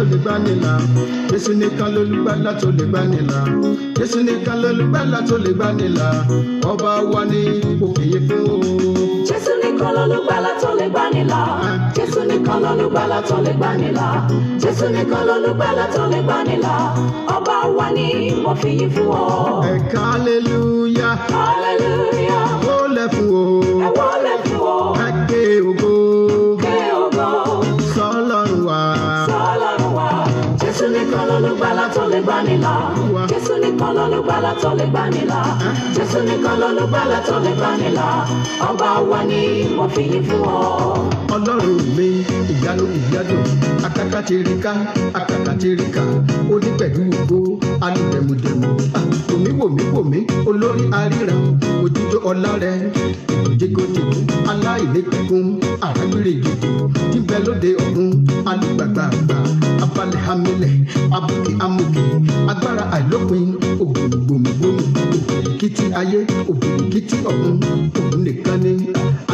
tó lè gbà nílà Jésù nìkan lolùgbàlà tó lè gbà nílà Jésù nìkan lolùgbàlà tó lè gbà nílà ọba wa ni kò fìyè fún o. Jésù nìkan lolùgbàlà tó lè gbà nílà Jésù nìkan lolùgbàlà tó lè gbà nílà Jésù nìkan lolùgbàlà tó lè gbà nílà ọba wa ni mo fìyè fún o. ẹ̀ka hallelujah hallelujah ó lẹ̀ fún o. ẹ̀wọ́ lẹ̀ fún o. lọ́lùgbàlà tó bani la, ní là. Jésù nìkan lọ́lùgbàlà tó lè gbà ní là. Jésù nìkan lọ́lùgbàlà tó lè gbà ní là. Ọba wa ni mo fi yìn fún ọ. Ọlọ́run mi ìyanu ìyanu akakatirika akakatirika onípẹ̀lú ògbó alùdẹ̀mùdẹ̀mù wòmíwòmí ah, olórí aríra òjijì ọlá rẹ jégojègo aláìlépẹkun arábìnrin jòjò tí bẹ lóde ọ̀run alùgbàgbà abalẹ̀ hamilẹ̀ abúlé lókè amòkè agbára àìlópin ògùn gbòmùgbòmù òkìtì ayé ògùn kìtì ọ̀run òun nìkan ní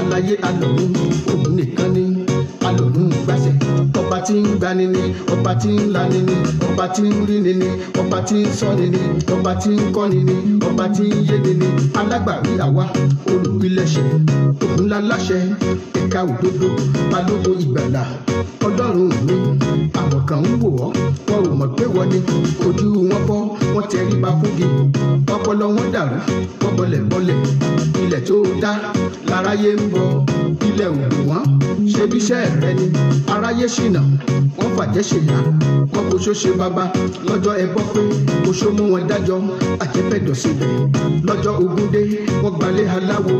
aláyé alọ̀run òun nìkan ní alọ̀run gbàṣẹ ọba tí ń gbani ni ọba tí ń lani ni ọba tí ń ríni ni ọba tí ń sọ́ni ni ọba tí ń kọ́ni ni ọba tí ń yéni ni alágbàwí àwa olùpilẹ̀ṣẹ̀ ògúnlá láṣẹ ẹ̀ka òdodo balógun ìgbàlà ọlọ́run mi àwọn ń wò ọ́ wọn ò mọ̀ pé wọ́n ní ojú wọn bọ́ wọ́n tẹríba fúngi ọpọlọ wọn dàrú wọ́n bọlẹ̀ bọlẹ̀ ilẹ̀ tó dá aráyé ń bọ ilẹ̀ òkú wọn ṣebíṣẹ́ rẹ ni aráyé ṣìnà wọ́n fàjẹ́ ṣèyà wọ́n kò ṣó ṣe bàbá lọ́jọ́ ẹ gbọ́ pé kò ṣó mú wọn dájọ́ àjẹpẹ́dọ̀ síbẹ̀ lọ́jọ́ ogúndé wọ́n gbalẹ̀ aláwo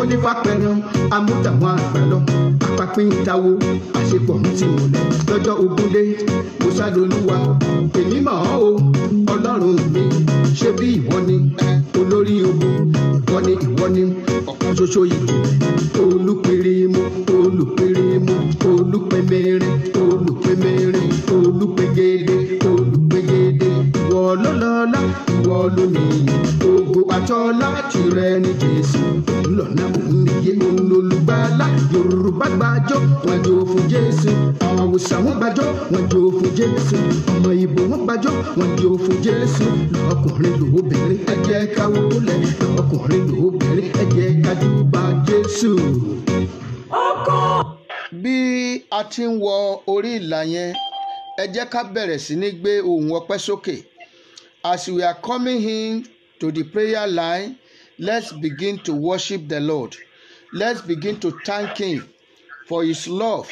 ó ní fàpẹ́rán amúdàwọn àgbà lọ apapín àṣepọ̀ ti mọ̀lẹ́ lọ́jọ́ ogúndé mo sálolúwa èmi mọ̀ ọ́ o ọlọ́run mi ṣe bí ìwọ ni olórí ogun wọn ni ìwọ ni ọ̀kan ṣoṣo yìí olùpèrè mu olùpèrè mu olùpẹ̀mẹ̀rin olùpẹ̀mẹ̀rin olùpẹ̀gẹ̀dẹ̀ olùpẹ̀gẹ̀dẹ̀ ìwọ lọ́lọ́lá ìwọ lónìí àtọ́lá tìrẹ ní jésù lọ́nà òǹdíyé olùgbàlà yorùbá gbàjọ́ wọn jó fún jésù àwọn wọn gbàjọ́ wọn jó fún jésù ọmọ ìbò wọn gbàjọ́ wọn jó fún jésù lọ́kùnrin lóbìnrin ẹ jẹ́ ká wọlé lọ́kùnrin lóbìnrin ẹ jẹ́ ká júbà jésù. bí a ti ń wọ orí ìlà yẹn ẹ jẹ́ ká bẹ̀rẹ̀ sí ní gbé ohùn ọpẹ́ sókè as we are coming in to the prayer line, let's begin to worship the Lord. Let's begin to thank Him for His love,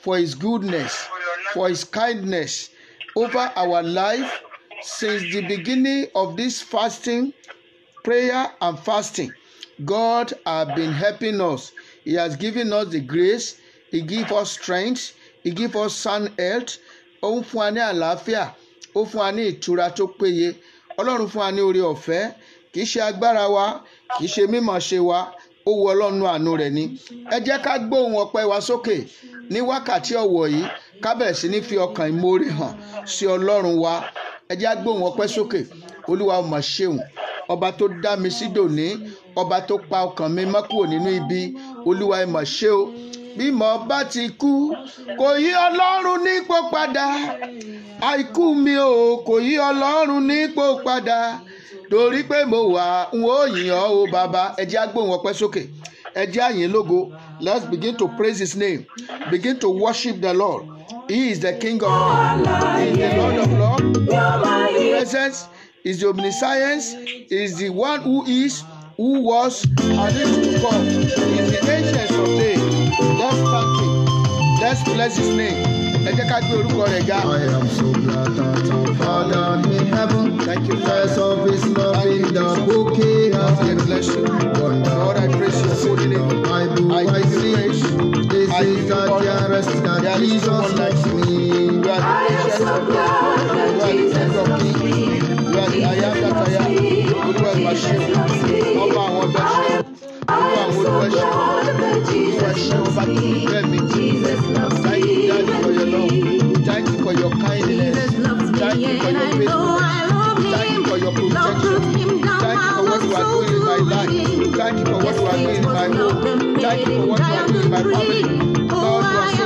for His goodness, for His kindness over our life since the beginning of this fasting, prayer, and fasting. God has been helping us. He has given us the grace, He give us strength, He give us sound health. Ó ń fún wa ní àlàáfíà, ó fún wa ní ìtura tó péye ọlọ́run fún wa ní oore ọ̀fẹ́ kì í ṣe agbára wa kì í ṣe mímọ̀ ṣe wa ó wu ọlọ́run àánú rẹ̀ ni ẹ jẹ́ ká gbóhùn ọpẹ́ wa sókè ní wákàtí ọ̀wọ̀ yìí ká bẹ̀rẹ̀ sí ní fi ọkàn ìmoore hàn sí ọlọ́run wa ẹ jẹ́ gbóhùn ọpẹ́ sókè olúwa o ṣeun ọba tó dá mi sí dòní ọba tó pa ọkàn mi mọ́ kúrò nínú ibi olúwa ẹ ṣe o bí mo bá ti kú kò yí ọlọ́run nípò padà àìkú mi ò kò yí ọlọ́run nípò padà torí pé mo wà n ó yìn ọ́ o bàbá ẹ jẹ́ ọpẹ́ sókè ẹ jẹ́ lógo let's begin to praise his name begin to worship the lord he is the king of all the lord of lords his presence is the omniscience is the one who is who was and is to come In the ancient of days let's thank him let's bless his name ẹ jẹ́ ká gbé orúkọ rẹ̀ ga. I am so glad that our Father in heaven. Thank you for of his love in the book. of the flesh. God I praise You for name. I do I, I see. This I is the dearest that Jesus loves me. I am so glad that Jesus You me. the King of kings. You are the I Lord, we worship you. We worship Thank you, for your Thank you for your kindness your protection. Thank you for what you are doing in my life. Thank you for what you are doing in my home. Thank you for what you are doing in my family. Lord, oh, you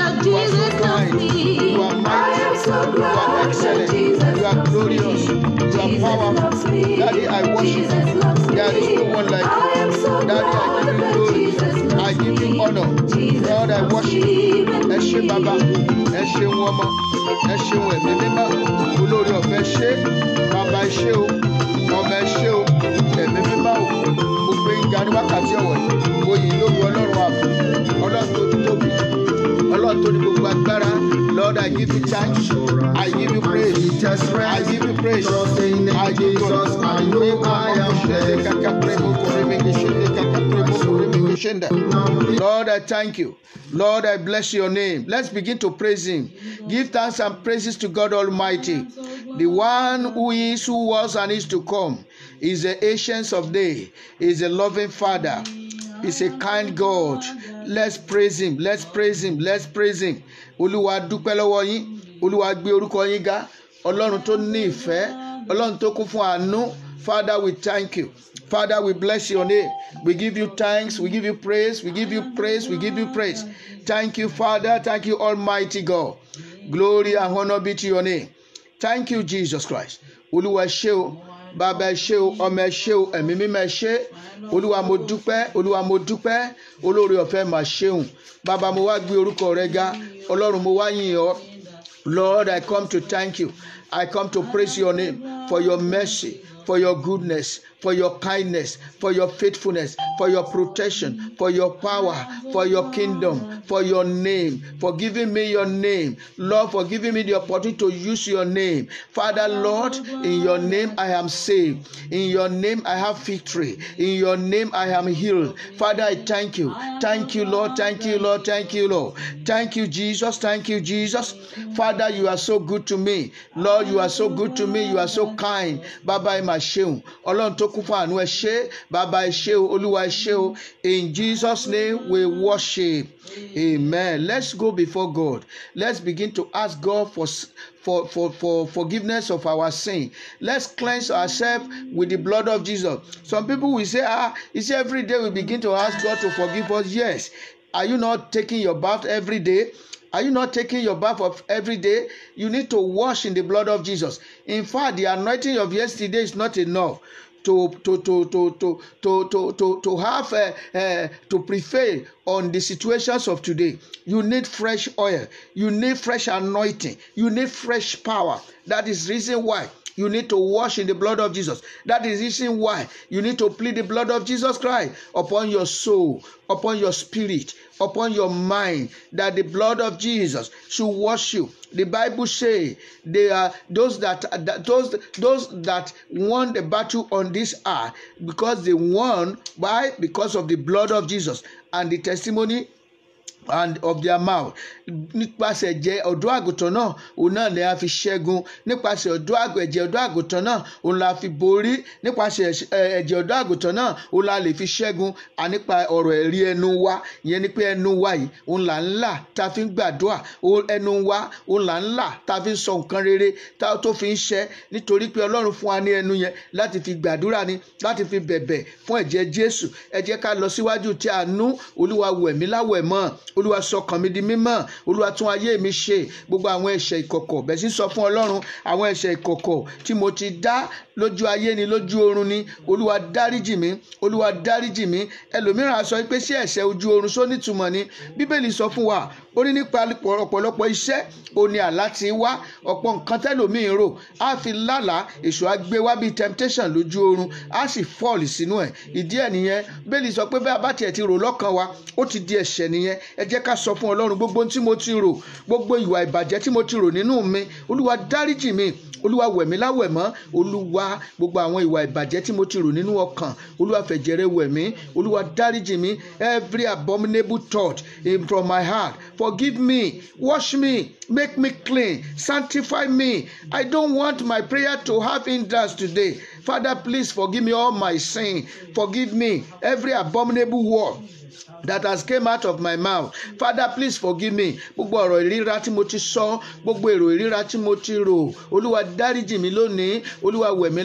are so good. You are so kind. You are mighty. You are excellent. You are glorious. You are powerful. Daddy, I worship you. There is no one like you. Daddy, I give you glory. honor. Lord, I worship you. Ẹ bàbá, ẹ wọn ọmọ, ẹ wọn ẹ̀mí mímọ́. Olórí ọ̀fẹ́ ṣe, bàbá ẹ o, ọmọ ẹ o, ẹ̀mí mímọ́ o. Mo gbé ń wákàtí ọ̀wọ̀ yìí. Mo yìn lórí ọlọ́run ààbò, ọlọ́run tó tóbi, ọlọ́run tó ní gbogbo agbára. Lord, I give you thanks. I give you praise. I give you praise. Trust in Jesus. I know I am blessed mention them. Lord, I thank you. Lord, I bless your name. Let's begin to praise Him. Give thanks and praises to God Almighty, the one who is, who was, and is to come. Is the ancients of day. Is a loving Father. Is a kind God. Let's praise Him. Let's praise Him. Let's praise Him. Olúwa dúpẹ́ lọ́wọ́ yín. Olúwa gbé orúkọ yín ga. Ọlọ́run tó ní ìfẹ́. Ọlọ́run tó kún fún àánú. Father, we thank you. Father, we bless your name. We give you thanks. We give you praise. We give you praise. We give you praise. Thank you, Father. Thank you, Almighty God. Glory and honor be to your name. Thank you, Jesus Christ. Olúwa ṣé o, bàbá ẹ ṣé o, ọmọ ẹ ṣé o, ẹ̀mí mímọ́ ẹ ṣé. Olúwa mo dúpẹ́, Olúwa mo dúpẹ́, olóore Lord, I come to thank you. I come to praise your name for your mercy, for your goodness, for your kindness, for your faithfulness, for your protection, for your power, for your kingdom, for your name, for giving me your name. Lord, for giving me the opportunity to use your name. Father, Lord, in your name I am saved. In your name I have victory. In your name I am healed. Father, I thank you. Thank you, Lord. Thank you, Lord. Thank you, Lord. Thank you, Jesus. Thank you, Jesus. Father, you are so good to me. Lord, you are so good to me. You are so kind. Bye bye, my shame. tó kún fún àánú bàbá ẹ o olúwa o in Jesus name we worship amen let's go before God let's begin to ask God for for, for, for forgiveness of our sin. Let's cleanse ourselves with the blood of Jesus. Some people will say, ah, it's every day we begin to ask God to forgive us. Yes. Are you not taking your bath every day? Are you not taking your bath of every day? You need to wash in the blood of Jesus. In fact, the anointing of yesterday is not enough. to to to to to to to to, to have uh, uh, to prevail on the situations of today you need fresh oil you need fresh anointing you need fresh power that is reason why you need to wash in the blood of Jesus. That is reason why you need to plead the blood of Jesus Christ upon your soul, upon your spirit, upon your mind that the blood of Jesus should wash you. The Bible say they are those that, that those those that won the battle on this earth because they won by because of the blood of Jesus and the testimony and of their mouth nípasẹ̀ ẹ̀jẹ̀ ọ̀dọ́ àgùntàn náà òun náà ni a fi ṣẹ́gun nípasẹ̀ ọ̀dọ́ ẹ̀jẹ̀ ọ̀dọ́ àgùntàn náà òun la fi borí nípasẹ̀ ẹ̀jẹ̀ ọ̀dọ́ àgùntàn náà òun la lè fi ṣẹ́gun ànípa ọ̀rọ̀ ẹ̀rí ẹnu wa ìyẹn ni pé ẹnu wa yìí òun là ń là ta fi ń gbàdúrà ẹnu wa òun là ń là ta fi ń sọ nǹkan rere ta tó fi ń ṣẹ nítorí pé ọlọ́run fún wa ní ẹnu yẹn láti fi gbàdúrà ni láti fi bẹ̀bẹ̀ fún ẹ̀jẹ̀ Jésù ẹ ká lọ síwájú tí àánú Olúwa wẹ̀mí láwẹ̀mọ́ olúwa sọkàn mi di mímọ́ olúwa tún ayé mi ṣe gbogbo àwọn ẹ̀ṣẹ̀ ìkọ̀kọ̀ bẹ́ẹ̀ sì sọ fún ọlọ́run àwọn ẹ̀ṣẹ̀ ìkọ̀kọ̀ tí mo ti dá lójú ayé ni lójú oorun ni olúwa dáríjì mi olúwa dáríjì mi ẹlòmíràn á sọ pé ṣé ẹ̀ṣẹ̀ ojú oorun só nítumọ̀ ni bíbélì sọ fún wa ó ní nípa ọ̀pọ̀lọpọ̀ iṣẹ́ òní àlá ti wá ọ̀pọ̀ nǹkan tẹ́lòmíì rò á fi lálàá èṣù àgbéwá bíi temptation lójú oorun á sì fall sínú ẹ̀ ìdí ẹ̀ nìyẹn bẹ́ẹ̀ni sọ pé bẹ́ẹ̀ bá tiẹ̀ ti rò lọ́kàn wa ó ti di ẹ̀ṣẹ̀ nìyẹn ẹ jẹ́ ká sọ fún ọlọ́run gbogbo tí mo ti rò gbogbo ìwà ìbàjẹ́ tí mo ti rò nínú mi olúwa dáríjì mi olúwa wẹ̀mí láwẹ̀mọ́ olúwa gbogbo àwọn ìwà ìbàjẹ́ tí mo ti rò nínú ọkàn olúwa fẹ̀jẹ̀rẹ̀ wẹ̀mí olúwa dáríjì mi every abominable thought in from my heart forgive me wash me Make me clean. Sanctify me. I don't want my prayer to have hindrance today. Father, please forgive me all my sin. Forgive me every abominable word that has came out of my mouth father please forgive me gbogbo ọ̀rọ̀ ìríra tí mo ti sọ gbogbo èrò ìríra tí mo ti rò olúwa dáríjì mi lónìí olúwa wẹ̀ mí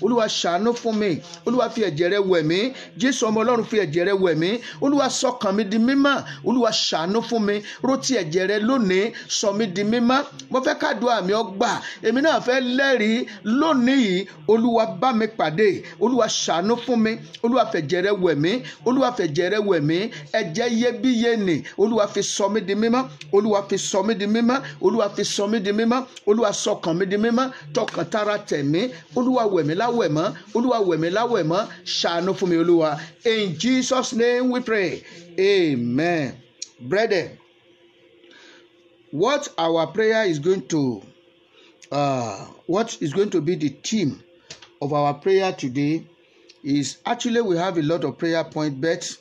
olúwa ṣàánú fún mi olúwa fi ẹ̀jẹ̀ rẹ wẹ̀ jésù ọmọ ọlọ́run fi ẹ̀jẹ̀ rẹ wẹ̀ olúwa sọkàn mi di mímọ́ olúwa ṣàánú fún mi ró ti rẹ lónìí sọ mí di mímọ́ mo fẹ́ kádùá mi ọgbà èmi náà fẹ́ lẹ́rìí lónìí yìí olúwa bá mi pàdé olúwa ṣàánú fún mi olúwa fẹ̀jẹ̀ rẹ wẹ̀ mí olúwa fẹ̀jẹ̀ rẹ wẹ̀ mí ẹ̀jẹ̀ iyebíye nì olúwa fi sọ mí di mímọ́ olúwa fi sọ mí di mímọ́ olúwa fi sọ mí di mímọ́ olúwa sọkàn mí di mímọ́ tọkàn tara tẹ̀mí olúwa wẹ̀ mí láwẹ̀ mọ́ olúwa wẹ̀ mí láwẹ̀ mọ́ ṣàánú fún mi olúwa in Jesus name we pray amen brethren what our prayer is going to uh, what is going to be the theme of our prayer today is actually we have a lot of prayer point but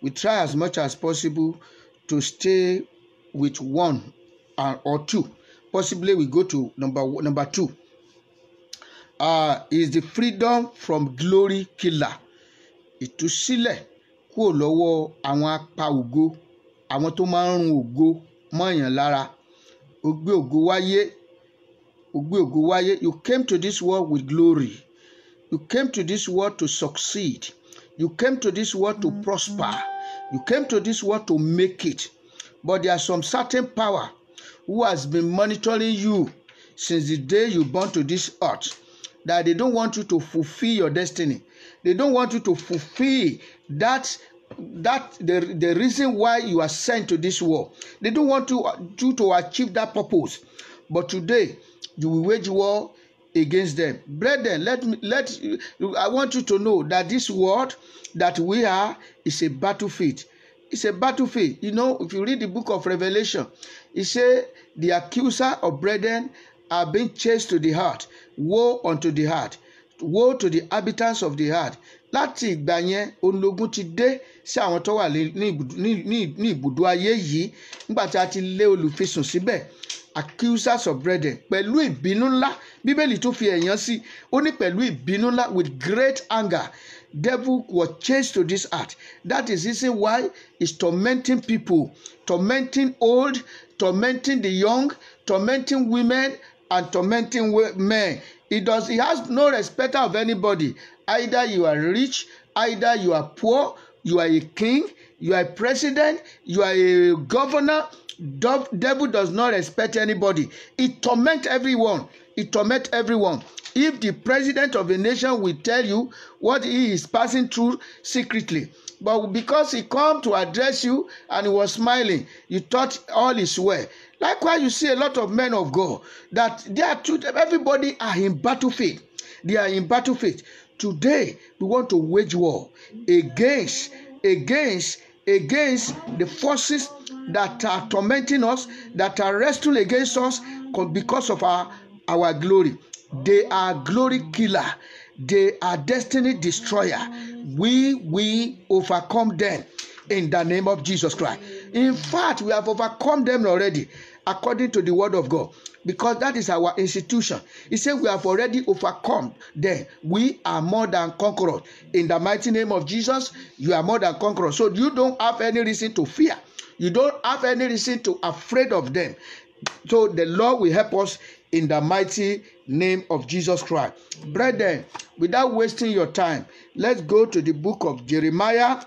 we try as much as possible to stay with one or two possibly we go to number number two uh, is the freedom from glory killer ìtúsílẹ̀ kúrò lọ́wọ́ àwọn apá ògo àwọn tó máa ń run ògo mọ́yàn lára o gbé ògo wáyé o ògo wáyé you came to this world with glory you came to this world to succeed you came to this world to mm-hmm. prosper you came to this world to make it but there are some certain power who has been monitoring you since the day you born to this earth that they don't want you to fulfill your destiny they don't want you to fulfill that that the, the reason why you are sent to this war. They don't want to, do to achieve that purpose. But today, you will wage war against them. Brethren, let me let I want you to know that this world that we are is a battlefield. It's a battlefield. You know, if you read the book of Revelation, it says the accuser of brethren are being chased to the heart. Woe unto the heart. Woe to the inhabitants of the heart láti ìgbà yẹn ológun ti dé sí àwọn tó wà ní ibùdó ayé yìí nígbà tí a ti lé olùfisùn síbẹ̀ accusers of brethren pẹ̀lú ìbínú ńlá bíbélì tún fi ẹ̀yán sí ó ní pẹ̀lú ìbínú ńlá with great anger devil was changed to this art. that is reason why he is tormenting people tormenting old tormenting the young tormenting women and tormenting men he does he has no respect of anybody Either you are rich, either you are poor, you are a king, you are a president, you are a governor. devil does not respect anybody. It torment everyone. It torment everyone. If the president of a nation will tell you what he is passing through secretly, but because he come to address you and he was smiling, you thought all is well. Likewise, you see a lot of men of God that they are too, everybody are in battlefield. They are in battlefield. Today, we want to wage war against, against, against the forces that are tormenting us, that are wrestling against us because of our, our glory. They are glory killer. They are destiny destroyer. We we overcome them in the name of Jesus Christ. In fact, we have overcome them already according to the word of God because that is our institution. He said, We have already overcome them. We are more than conquerors. In the mighty name of Jesus, you are more than conquerors. So you don't have any reason to fear. You don't have any reason to afraid of them. So the Lord will help us in the mighty name of Jesus Christ. Brethren, without wasting your time, let's go to the book of Jeremiah,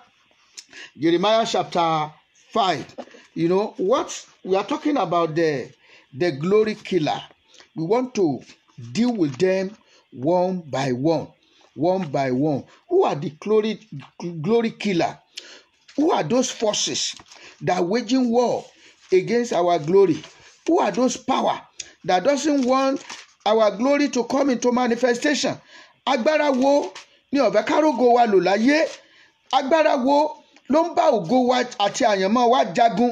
Jeremiah chapter 5. You know what we are talking about the the glory killer we want to deal with them one by one one by one who are the glory glory killer who are those forces that waging war against our glory who are those power that doesn't want our glory to come into manifestation agbára wo ni ọ̀fẹ́ kárógo wa lò láyé agbára wo ló ń bá ògo wa àti àyànmọ́ wa jagun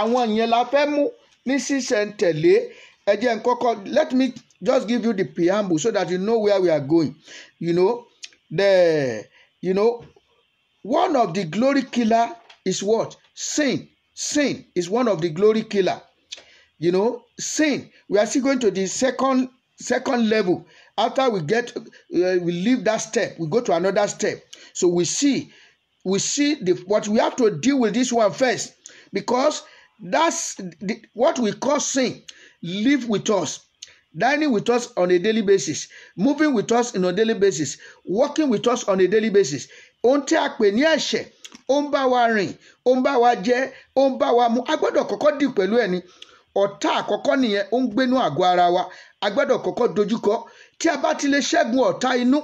àwọn yẹn la fẹ́ mú ní sísẹ̀ntẹ̀lé ẹ jẹ́ let me just give you the preamble so that you know where we are going you know the you know one of the glory killer is what sin sin is one of the glory killer you know sin we are still going to the second second level after we get uh, we leave that step we go to another step so we see we see the what we have to deal with this one first because That's the, what we call sin. Live with us, dining with us on a daily basis, moving with us on a daily basis, working with us on a daily basis. Ohun tí a pè ní ẹ̀ṣẹ̀, ó ń bá wa rìn, ó ń bá wa jẹ, ó ń bá wa mu. A gbọ́dọ̀ kọ́kọ́ dì pẹ̀lú ẹni. Ọ̀tá àkọ́kọ́ nìyẹn, ó ń gbénú àgọ́ ara wa. A gbọ́dọ̀ kọ́kọ́ dojúkọ. Tí a bá ti lè ṣẹ́gun ọ̀tá inú,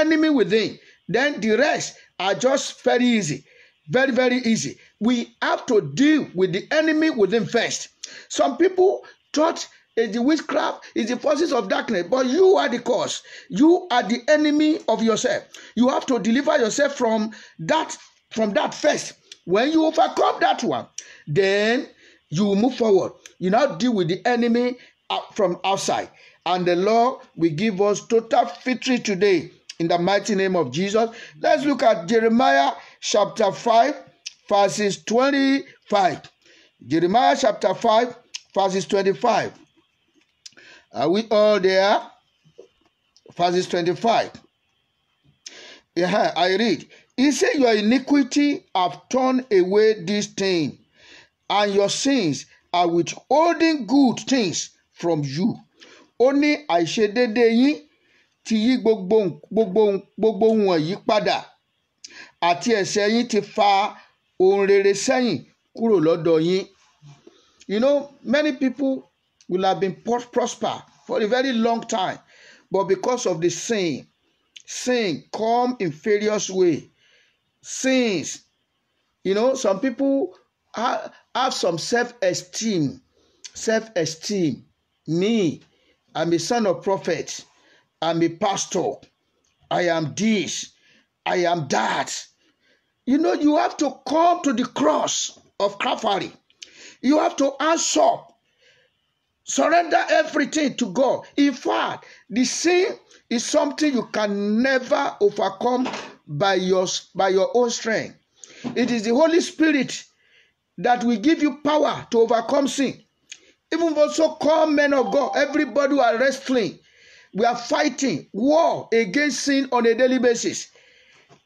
enemy within, then the rest are just very easy. Very, very easy. We have to deal with the enemy within first. Some people thought is the witchcraft, is the forces of darkness, but you are the cause. You are the enemy of yourself. You have to deliver yourself from that, from that first. When you overcome that one, then you move forward. You now deal with the enemy from outside. And the Lord will give us total victory today in the mighty name of Jesus. Let's look at Jeremiah chapter 5, verses 25. Jeremiah chapter 5, verses 25. Are we all there? Verses 25. Yeah, I read. He said, Your iniquity have turned away this thing, and your sins are withholding good things from you. Ó ní àìṣedéédéé yín ti yí gbogbo gbogbo gbogbo wọ̀nyí padà àti ẹ̀ṣẹ̀ yín ti fa ohun rere sẹ́yìn kúrò lọ́dọ̀ yín. You know, many people will have been prosper for a very long time, but because of the sin, sin come in various way. Sins, you know, some people have, have some self-esteem, self-esteem. Me, I'm a son of prophet. I'm a pastor. I am this. I am that. You know, you have to come to the cross of Calvary. You have to answer, surrender everything to God. In fact, the sin is something you can never overcome by your, by your own strength. It is the Holy Spirit that will give you power to overcome sin. Even though so called men of God, everybody who are wrestling, we are fighting war against sin on a daily basis.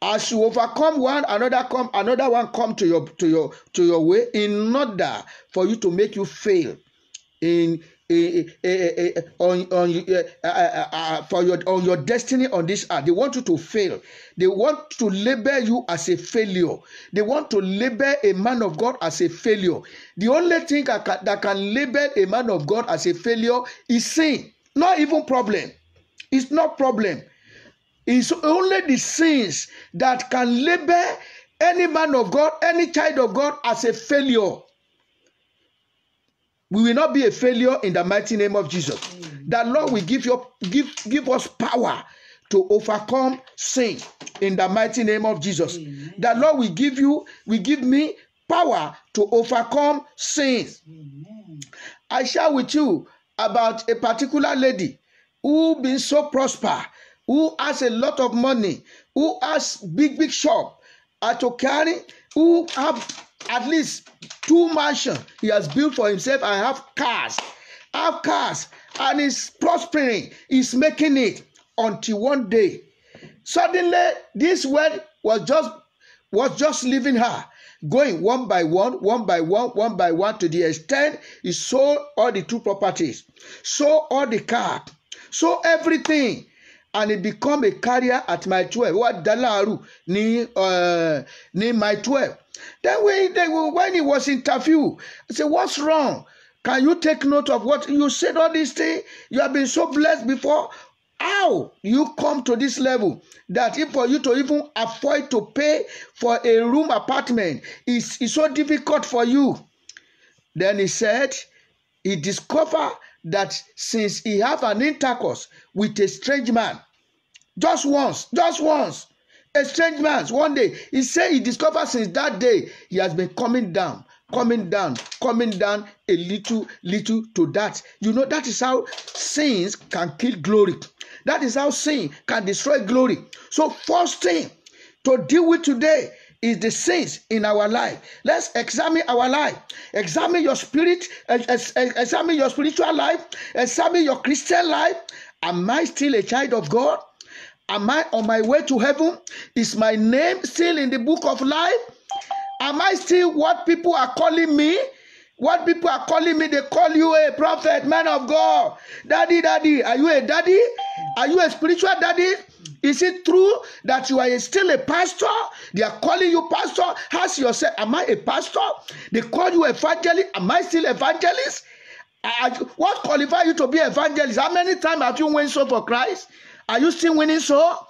as you overcome one another come another one come to your to your to your way in order for you to make you fail in a, a, a, on on uh uh, uh, uh, uh, for your on your destiny on this earth. They want you to fail. They want to label you as a failure. They want to label a man of God as a failure. The only thing that can, that can label a man of God as a failure is sin. Not even problem. It's not problem. It's only the sins that can label any man of God, any child of God as a failure. We will not be a failure in the mighty name of Jesus. The Lord will give you give give us power to overcome sin in the mighty name of Jesus. The Lord will give you, will give me power to overcome sin. I share with you about a particular lady who been so prosper who has a lot of money, who has big, big shop, Atokari, who have at least two mansion he has built for himself and have cars, have cars, and is prospering, is making it until one day. Suddenly, this word was just was just leaving her, going one by one, one by one, one by one, to the extent he sold all the two properties, sold all the car, sold everything and he become a carrier at mile twelve wá dá láàárù ní uh, ní mile twelve then when he when he was interviewed he say what's wrong can you take note of what you said all this thing you have been so blessed before how you come to this level that if for you to even afford to pay for a room apartment is is so difficult for you then he said he discovered that since he have an intercourse with a strange man, just once, just once, a strange man, one day, he said he discovered since that day he has been coming down, coming down, coming down a little, little to that. You know, that is how sins can kill glory. That is how sin can destroy glory. So, first thing to deal with today is the sins in our life. Let's examine our life. Examine your spirit, examine your spiritual life, examine your Christian life. Am I still a child of God? Am I on my way to heaven? Is my name still in the book of life? Am I still what people are calling me? What people are calling me, they call you a prophet, man of God. Daddy, daddy, are you a daddy? Are you a spiritual daddy? Is it true that you are still a pastor? They are calling you pastor. Ask yourself, am I a pastor? They call you evangelist. Am I still evangelist? What qualifies you to be evangelist? How many times have you won so for Christ? Are you still winning so?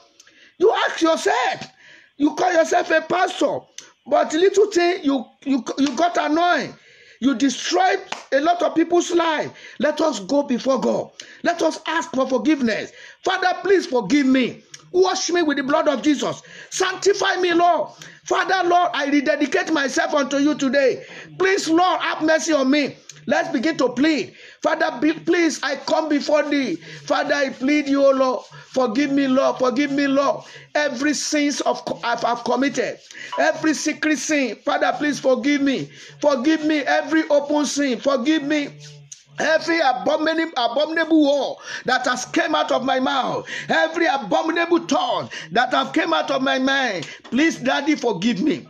You ask yourself. You call yourself a pastor, but little thing you you you got annoyed you destroyed a lot of people's life. Let us go before God. Let us ask for forgiveness. Father, please forgive me. Wash me with the blood of Jesus. Sanctify me, Lord. Father, Lord, I rededicate myself unto you today. Please, Lord, have mercy on me. Let's begin to plead. Father, be, please, I come before thee. Father, I plead you, O Lord. Forgive me, Lord. Forgive me, Lord. Every sins of I've, I've committed, every secret sin, Father, please forgive me. Forgive me every open sin. Forgive me Every abominable, abominable word that has came out of my mouth, every abominable thought that have came out of my mind, please, Daddy, forgive me.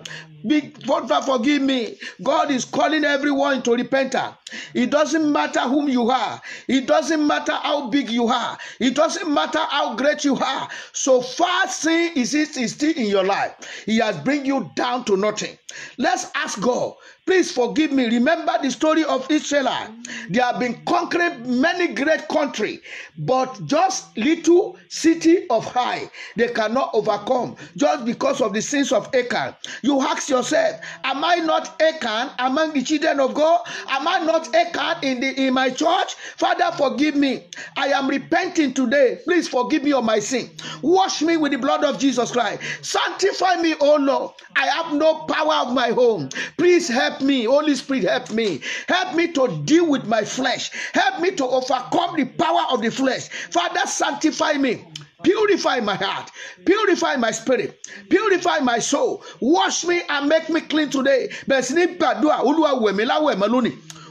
Be, God, forgive me. God is calling everyone to repentance. It doesn't matter whom you are. It doesn't matter how big you are. It doesn't matter how great you are. So far, sin is, is still in your life. He has bring you down to nothing. Let's ask God Please forgive me. Remember the story of Israel. They have been conquering many great country, but just little city of high they cannot overcome just because of the sins of Achan. You ask yourself, am I not Achan among the children of God? Am I not Achan in the in my church? Father, forgive me. I am repenting today. Please forgive me of my sin. Wash me with the blood of Jesus Christ. Sanctify me, O Lord. I have no power of my own. Please help help me. Holy Spirit, help me. Help me to deal with my flesh. Help me to overcome the power of the flesh. Father, sanctify me. Purify my heart, purify my spirit, purify my soul. Wash me and make me clean today.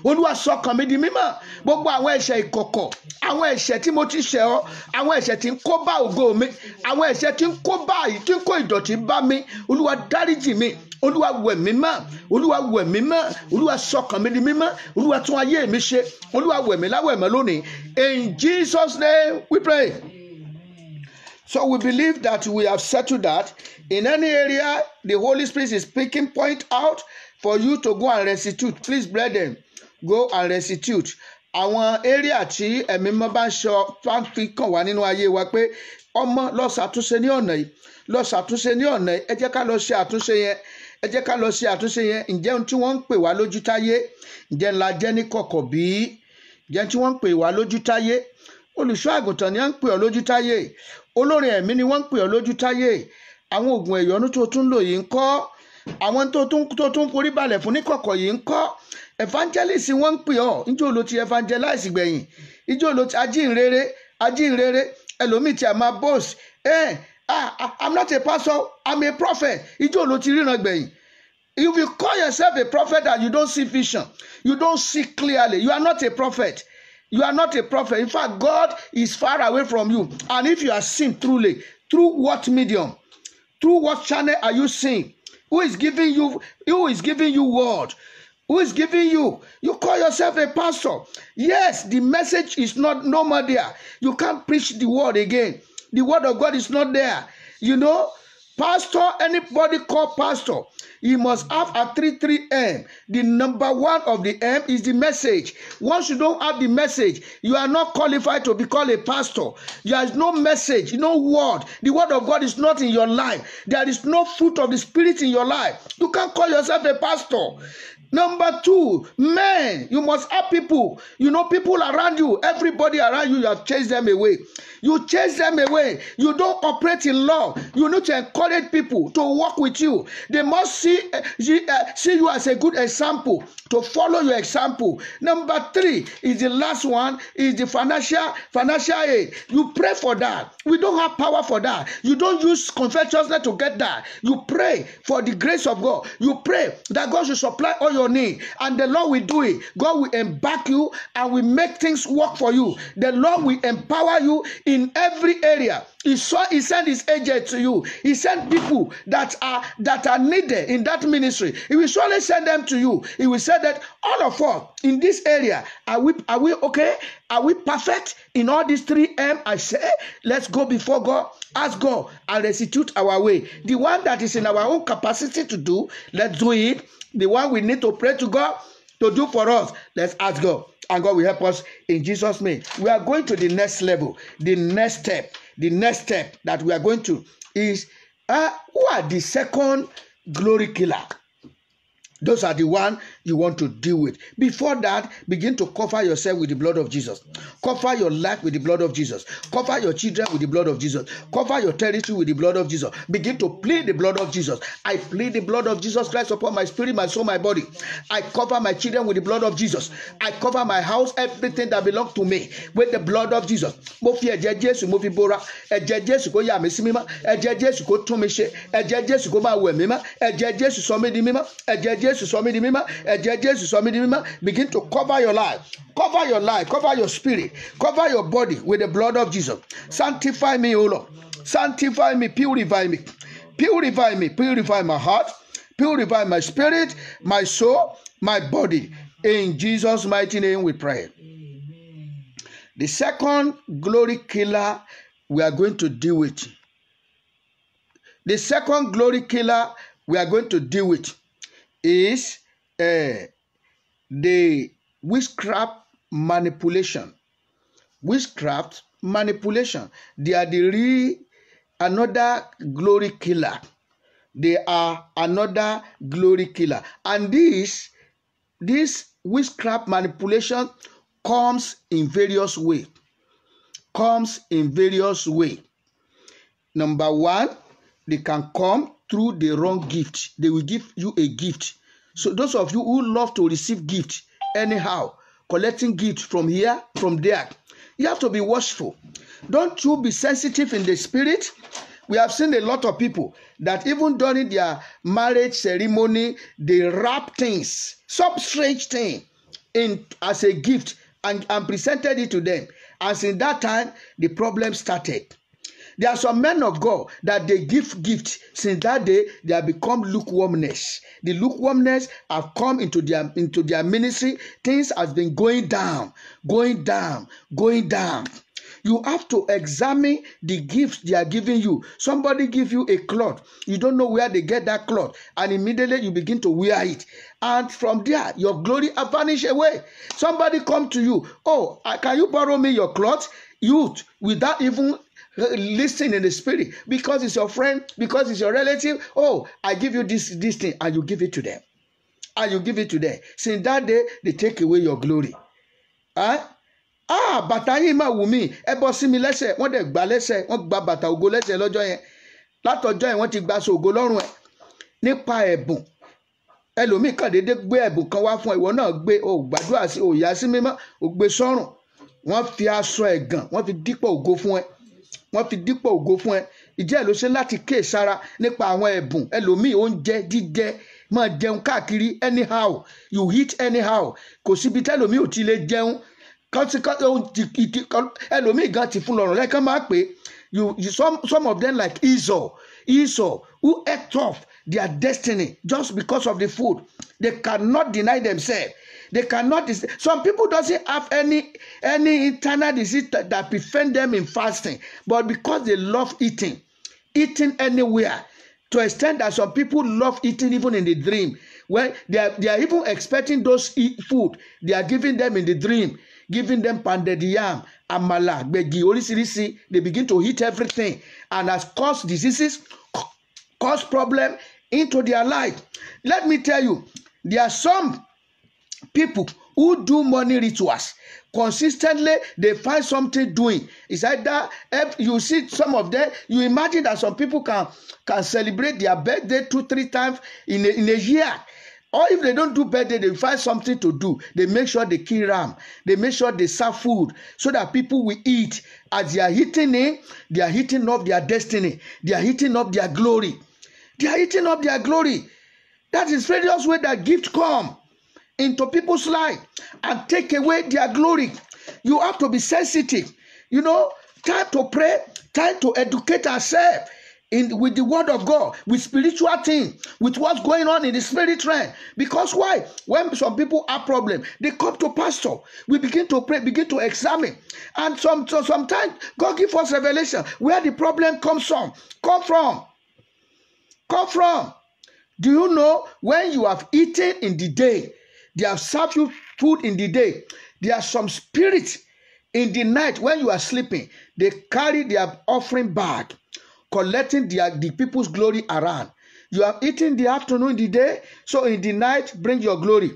olúwa sọkàn mi di mímọ́ gbogbo àwọn ẹ̀ṣẹ̀ ìkọ̀kọ̀ àwọn ẹ̀ṣẹ̀ tí mo ti ṣẹ̀ ọ́ àwọn ẹ̀ṣẹ̀ tí ń kó bá ògo mi àwọn ẹ̀ṣẹ̀ tí ń kó bá yìí tí ń kó ìdọ̀tí bá mi olúwa dáríjì mi olúwa wẹ̀ mí mọ́ olúwa wẹ̀ mí mọ́ olúwa sọkàn mi di mímọ́ olúwa tún ayé mi ṣe olúwa wẹ̀ mí láwẹ̀ mọ́ lónìí in Jesus name we pray. So we believe that we have settled that. In any area, the Holy Spirit is picking point out for you to go and restitute. Please, brethren, go and restitute àwọn area tí ẹ̀mí mọ́ bá ń sọ bá ń fi kàn wá nínú ayé wa pé ọmọ lọ ṣàtúnṣe ní ọ̀nà yìí lọ ṣàtúnṣe ní ọ̀nà yìí ẹ jẹ́ ká lọ ṣe àtúnṣe yẹn ẹ jẹ́ ká lọ ṣe àtúnṣe yẹn ǹjẹ́ ohun tí wọ́n ń pè wá lójú táyé ǹjẹ́ ńlá jẹ́ ní kọ̀kọ̀ bí ǹjẹ́ tí wọ́n ń pè wá lójú táyé olùṣọ́ àgùntàn ni wọ́n ń pè ọ́ lójú táyé olórin ẹ̀mí ni wọ́n ń pè ọ́ lójú táyé àwọn oògùn ẹ̀yọ́nú tó tún lò yìí ń kọ́ àwọn tó tún forí balẹ̀ fún níkọ̀kọ̀ yìí ń kọ́ evangelist wọ́n ń pè ọ́ níjó ló ti evangelize gbẹ̀yìn níjó ló ti ajínrere ajínrere ẹlòmíì tí a máa boast eh ah i'm not a pastor i'm a prophet níjó ló ti ríran gbẹ̀yìn if you call yourself a prophet and you don't see vision you don't see clearly you are not a prophet you are not a prophet in fact God is far away from you and if you are seen truly through what medium through what channel are you seeing who is giving you who is giving you word who is giving you. You call yourself a pastor. Yes, the message is not normal there. You can't preach the word again. The word of God is not there. You know, pastor, anybody called pastor, he must have a 3 3 M. The number one of the M is the message. Once you don't have the message, you are not qualified to be called a pastor. There is no message, no word. The word of God is not in your life. There is no fruit of the Spirit in your life. You can't call yourself a pastor. Number two, men, you must have people. You know, people around you, everybody around you, you have chased them away. You chase them away. You don't operate in love. You need to encourage people to work with you. They must see, eh, see, uh, see you as a good example, to follow your example. Number three is the last one, is the financial, financial aid. You pray for that. We don't have power for that. You don't use confessions to get that. You pray for the grace of God. You pray that God should supply all your knee, and the Lord will do it. God will embark you and will make things work for you. The Lord will empower you in every area. He saw he sent his agent to you. He sent people that are that are needed in that ministry. He will surely send them to you. He will say that all of us in this area are we are we okay? Are we perfect in all these three M? I say, let's go before God, ask God, and restitute our way. The one that is in our own capacity to do, let's do it. The one we need to pray to God to do for us, let's ask God and God will help us in Jesus' name. We are going to the next level, the next step. the next step that we are going to is uh, who are the second glory killer? Those are the one you want to deal with. Before that, begin to cover yourself with the blood of Jesus. Cover your life with the blood of Jesus. Cover your children with the blood of Jesus. Cover your territory with the blood of Jesus. Begin to plead the blood of Jesus. I plead the blood of Jesus Christ upon my spirit, my soul, my body. I cover my children with the blood of Jesus. I cover my house, everything that belongs to me with the blood of Jesus. mi mi mí di mí Ẹ ẹ̀jẹ̀ Jésù sọ mí di mímọ́ begin to cover your life cover your life cover your spirit cover your body with the blood of Jesus sanctify me o Lord sanctify me purify me purify me purify my heart purify my spirit my soul my body in Jesus mighty name we pray. The second glory killer we are going to deal with. The second glory killer we are going to deal with is uh, the witchcraft manipulation. Witchcraft manipulation. They are the real another glory killer. They are another glory killer. And this, this witchcraft manipulation comes in various way. Comes in various way. Number one, they can come through the wrong gift. They will give you a gift So those of you who love to receive gift anyhow, collecting gift from here, from there, you have to be watchful. Don't you be sensitive in the spirit. We have seen a lot of people that even during their marriage ceremony, they wrap things, some strange thing, in as a gift and, and presented it to them. As in that time, the problem started. There are some men of God that they give gift. Since that day, they have become lukewarmness. The lukewarmness have come into their into their ministry. Things have been going down, going down, going down you have to examine the gifts they are giving you somebody give you a cloth you don't know where they get that cloth and immediately you begin to wear it and from there your glory vanish away somebody come to you oh can you borrow me your cloth youth without even listen in the spirit because it's your friend because it's your relative oh i give you this this thing and you give it to them and you give it to them since that day they take away your glory huh? ah bàtà yìí máa wù mí ẹ bọ́ sí mi lẹ́sẹ̀ wọ́n dẹ̀ gbà lẹ́sẹ̀ wọ́n gba bàtà ògo lẹ́sẹ̀ lọ́jọ́ yẹn látọjọ́ yẹn wọ́n ti gba sògo lọ́rùn ẹ̀ nípa ẹ̀bùn ẹlòmíì kàn déédé gbé ẹ̀bùn kan wá fún ìwọ náà gbé o gbàdúrà sí òòyà sí mímọ́ ògbé sọ́rùn wọ́n fi aṣọ ẹ̀gàn wọ́n fi dípò ògo fún ẹ wọ́n fi dípò ògo fún ẹ ìjẹ́ ló ṣe láti ké sára nípa àwọn ẹ̀bùn ẹlòmíì oúnjẹ jíjẹ máa jẹun káàkiri anyhow you eat anyhow kò síbi tẹ́lòmíì ò ti lè jẹun ẹlòmíì gan ti fún lọ́rùn lẹ́ẹ̀kan máa pè some some of them like Esau Esau who act off their destiny just because of the food they cannot deny themselves They cannot. Some people doesn't have any any internal disease that, that prevent them in fasting, but because they love eating, eating anywhere, to extent that some people love eating even in the dream. Well, they are, they are even expecting those e, food, they are giving them in the dream, giving them pounded yam, amala, gbegi, oríṣiríṣi. They begin to eat everything and has cause diseases, cause problem into their life. Let me tell you, there are some people who do money rituals consistently they find something doing it's either if you see some of them you imagine that some people can can celebrate their birthday two three times in a, in a year or if they don't do birthday they find something to do they make sure they kill ram they make sure they serve food so that people will eat as they are eating in they are eating up their destiny they are eating up their glory they are eating up their glory that is various way that gift come into people's life and take away their glory. You have to be sensitive. You know, time to pray, time to educate ourselves in with the word of God, with spiritual things, with what's going on in the spirit realm. Because why? When some people have problem, they come to pastor. We begin to pray, begin to examine, and some so sometimes God give us revelation where the problem comes from. Come from. Come from. Do you know when you have eaten in the day? They have served you food in the day. There are some spirits in the night when you are sleeping. They carry their offering bag, collecting their, the people's glory around. You have eaten the afternoon, the day, so in the night, bring your glory,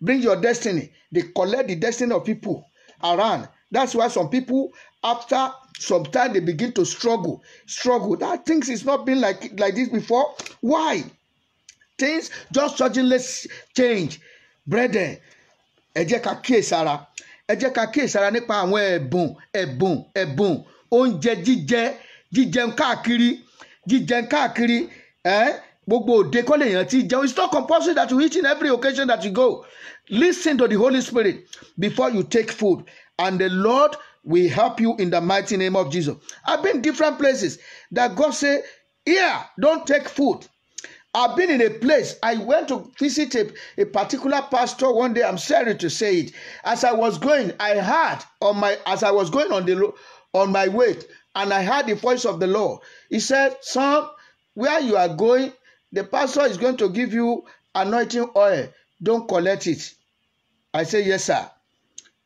bring your destiny. They collect the destiny of people around. That's why some people, after some time, they begin to struggle. Struggle. That things is not been like like this before. Why? Things just suddenly change. brẹ́dẹ̀ ẹ jẹ́ ká kíyèsára ẹ jẹ́ ká kíyèsára nípa àwọn ẹ̀bùn ẹ̀bùn ẹ̀bùn oúnjẹ jíjẹ jíjẹun káàkiri jíjẹun káàkiri ẹ̀ gbogbo òde kọ́ lèèyàn ti jẹun it's not compulsory that you eat in every occasion that you go listen to the Holy Spirit before you take food and the Lord will help you in the mighty name of Jesus I've been different places that God say here yeah, don't take food I've been in a place, I went to visit a, a particular pastor one day. I'm sorry to say it. As I was going, I heard on my as I was going on the on my way, and I heard the voice of the Lord. He said, Son, where you are going, the pastor is going to give you anointing oil. Don't collect it. I said, Yes, sir.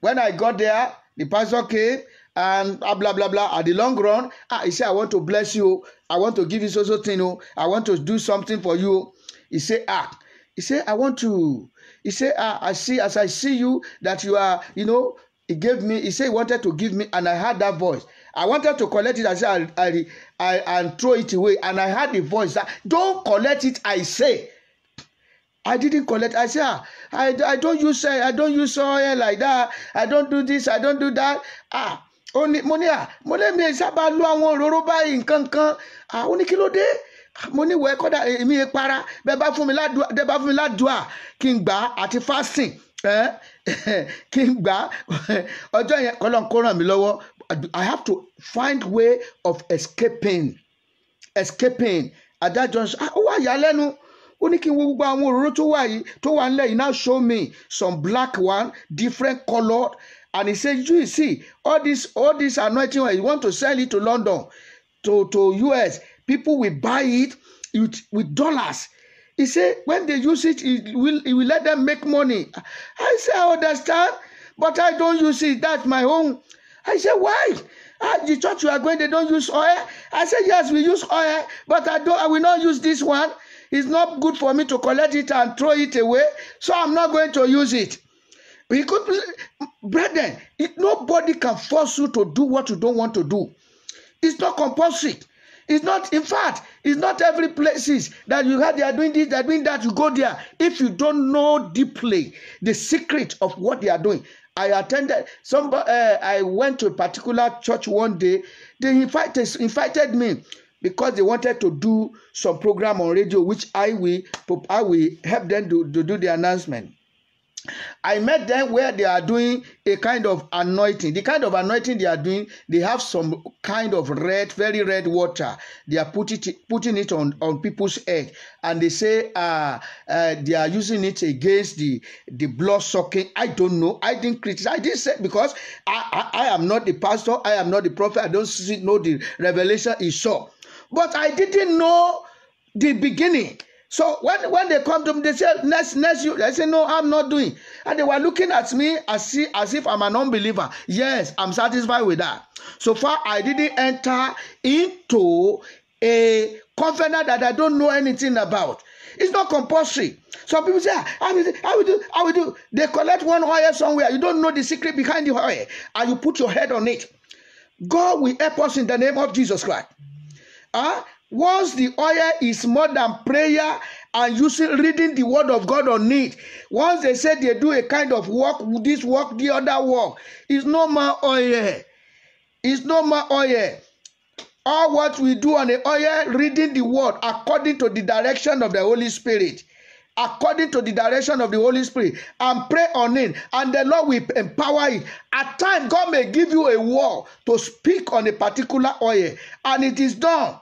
When I got there, the pastor came and blah blah blah blah at the long run ah he say i want to bless you i want to give you so so thing oh i want to do something for you he said, ah he said, i want to he said, ah i see as i see you that you are you know he gave me he said, he wanted to give me and i had that voice i wanted to collect it i said, i i i and throw it away and i had the voice that don't collect it i say I didn't collect. I say, ah, I, I don't use eh, I don't use oil like that. I don't do this. I don't do that. Ah, ó ní mo ní à mo lẹ́mi sábà lo àwọn òróró báyìí nǹkan kan à ó ní kí ló dé mo ní ìwẹ̀ kọ́dà e, èmi yẹn para bẹ́ẹ̀ bá fún mi ládùá bẹ́ẹ̀ bá fún mi ládùá kí n gbà àti fásìn kí n gbà ọjọ́ yẹn kọ́lọ́n kó ràn mí lọ́wọ́ I have to find way of escaping escaping adájọ́ ó wà yà lẹ́nu. No? ó ní kí n wo gbogbo àwọn òróró tó wà yìí tó wà nílẹ̀ yìí now show me some black one different colour and he say you see all this all this anointing oil you want to sell it to London to to US people will buy it with, with dollars he say when they use it he will he will let them make money I say I understand but I don't use it that my own I say why ah the church you are going they don't use oil I say yes we use oil but I don't I will not use this one It's not good for me to collect it and throw it away, so I'm not going to use it. We could, brethren, it, nobody can force you to do what you don't want to do. It's not compulsory. It's not, in fact, it's not every places that you have, they are doing this, they are doing that, you go there. If you don't know deeply the secret of what they are doing. I attended, some, uh, I went to a particular church one day. They invited, invited me because they wanted to do some program on radio, which I will I will help them to, to do the announcement. I met them where they are doing a kind of anointing. The kind of anointing they are doing, they have some kind of red, very red water. They are put it, putting it on, on people's head. And they say uh, uh, they are using it against the, the blood sucking. I don't know. I didn't criticize. I didn't say because I, I, I am not the pastor. I am not the prophet. I don't see, know the revelation Is so but I didn't know the beginning. So when, when they come to me, they say, next, next you. I say, no, I'm not doing. And they were looking at me as, if, as if I'm an unbeliever. Yes, I'm satisfied with that. So far, I didn't enter into a covenant that I don't know anything about. It's not compulsory. Some people say, I will, I will do, I will do. They collect one oil somewhere. You don't know the secret behind the oil, and you put your head on it. God will help us in the name of Jesus Christ. Huh? Ah, once the oil is more than prayer and using reading the word of God on it, once they say they do a kind of work, this work, the other work, it's no more oil. It's no more oil. All what we do on the oil, reading the word according to the direction of the Holy Spirit according to the direction of the Holy Spirit and pray on it, and the Lord will empower it. At times, God may give you a word to speak on a particular oil, and it is done.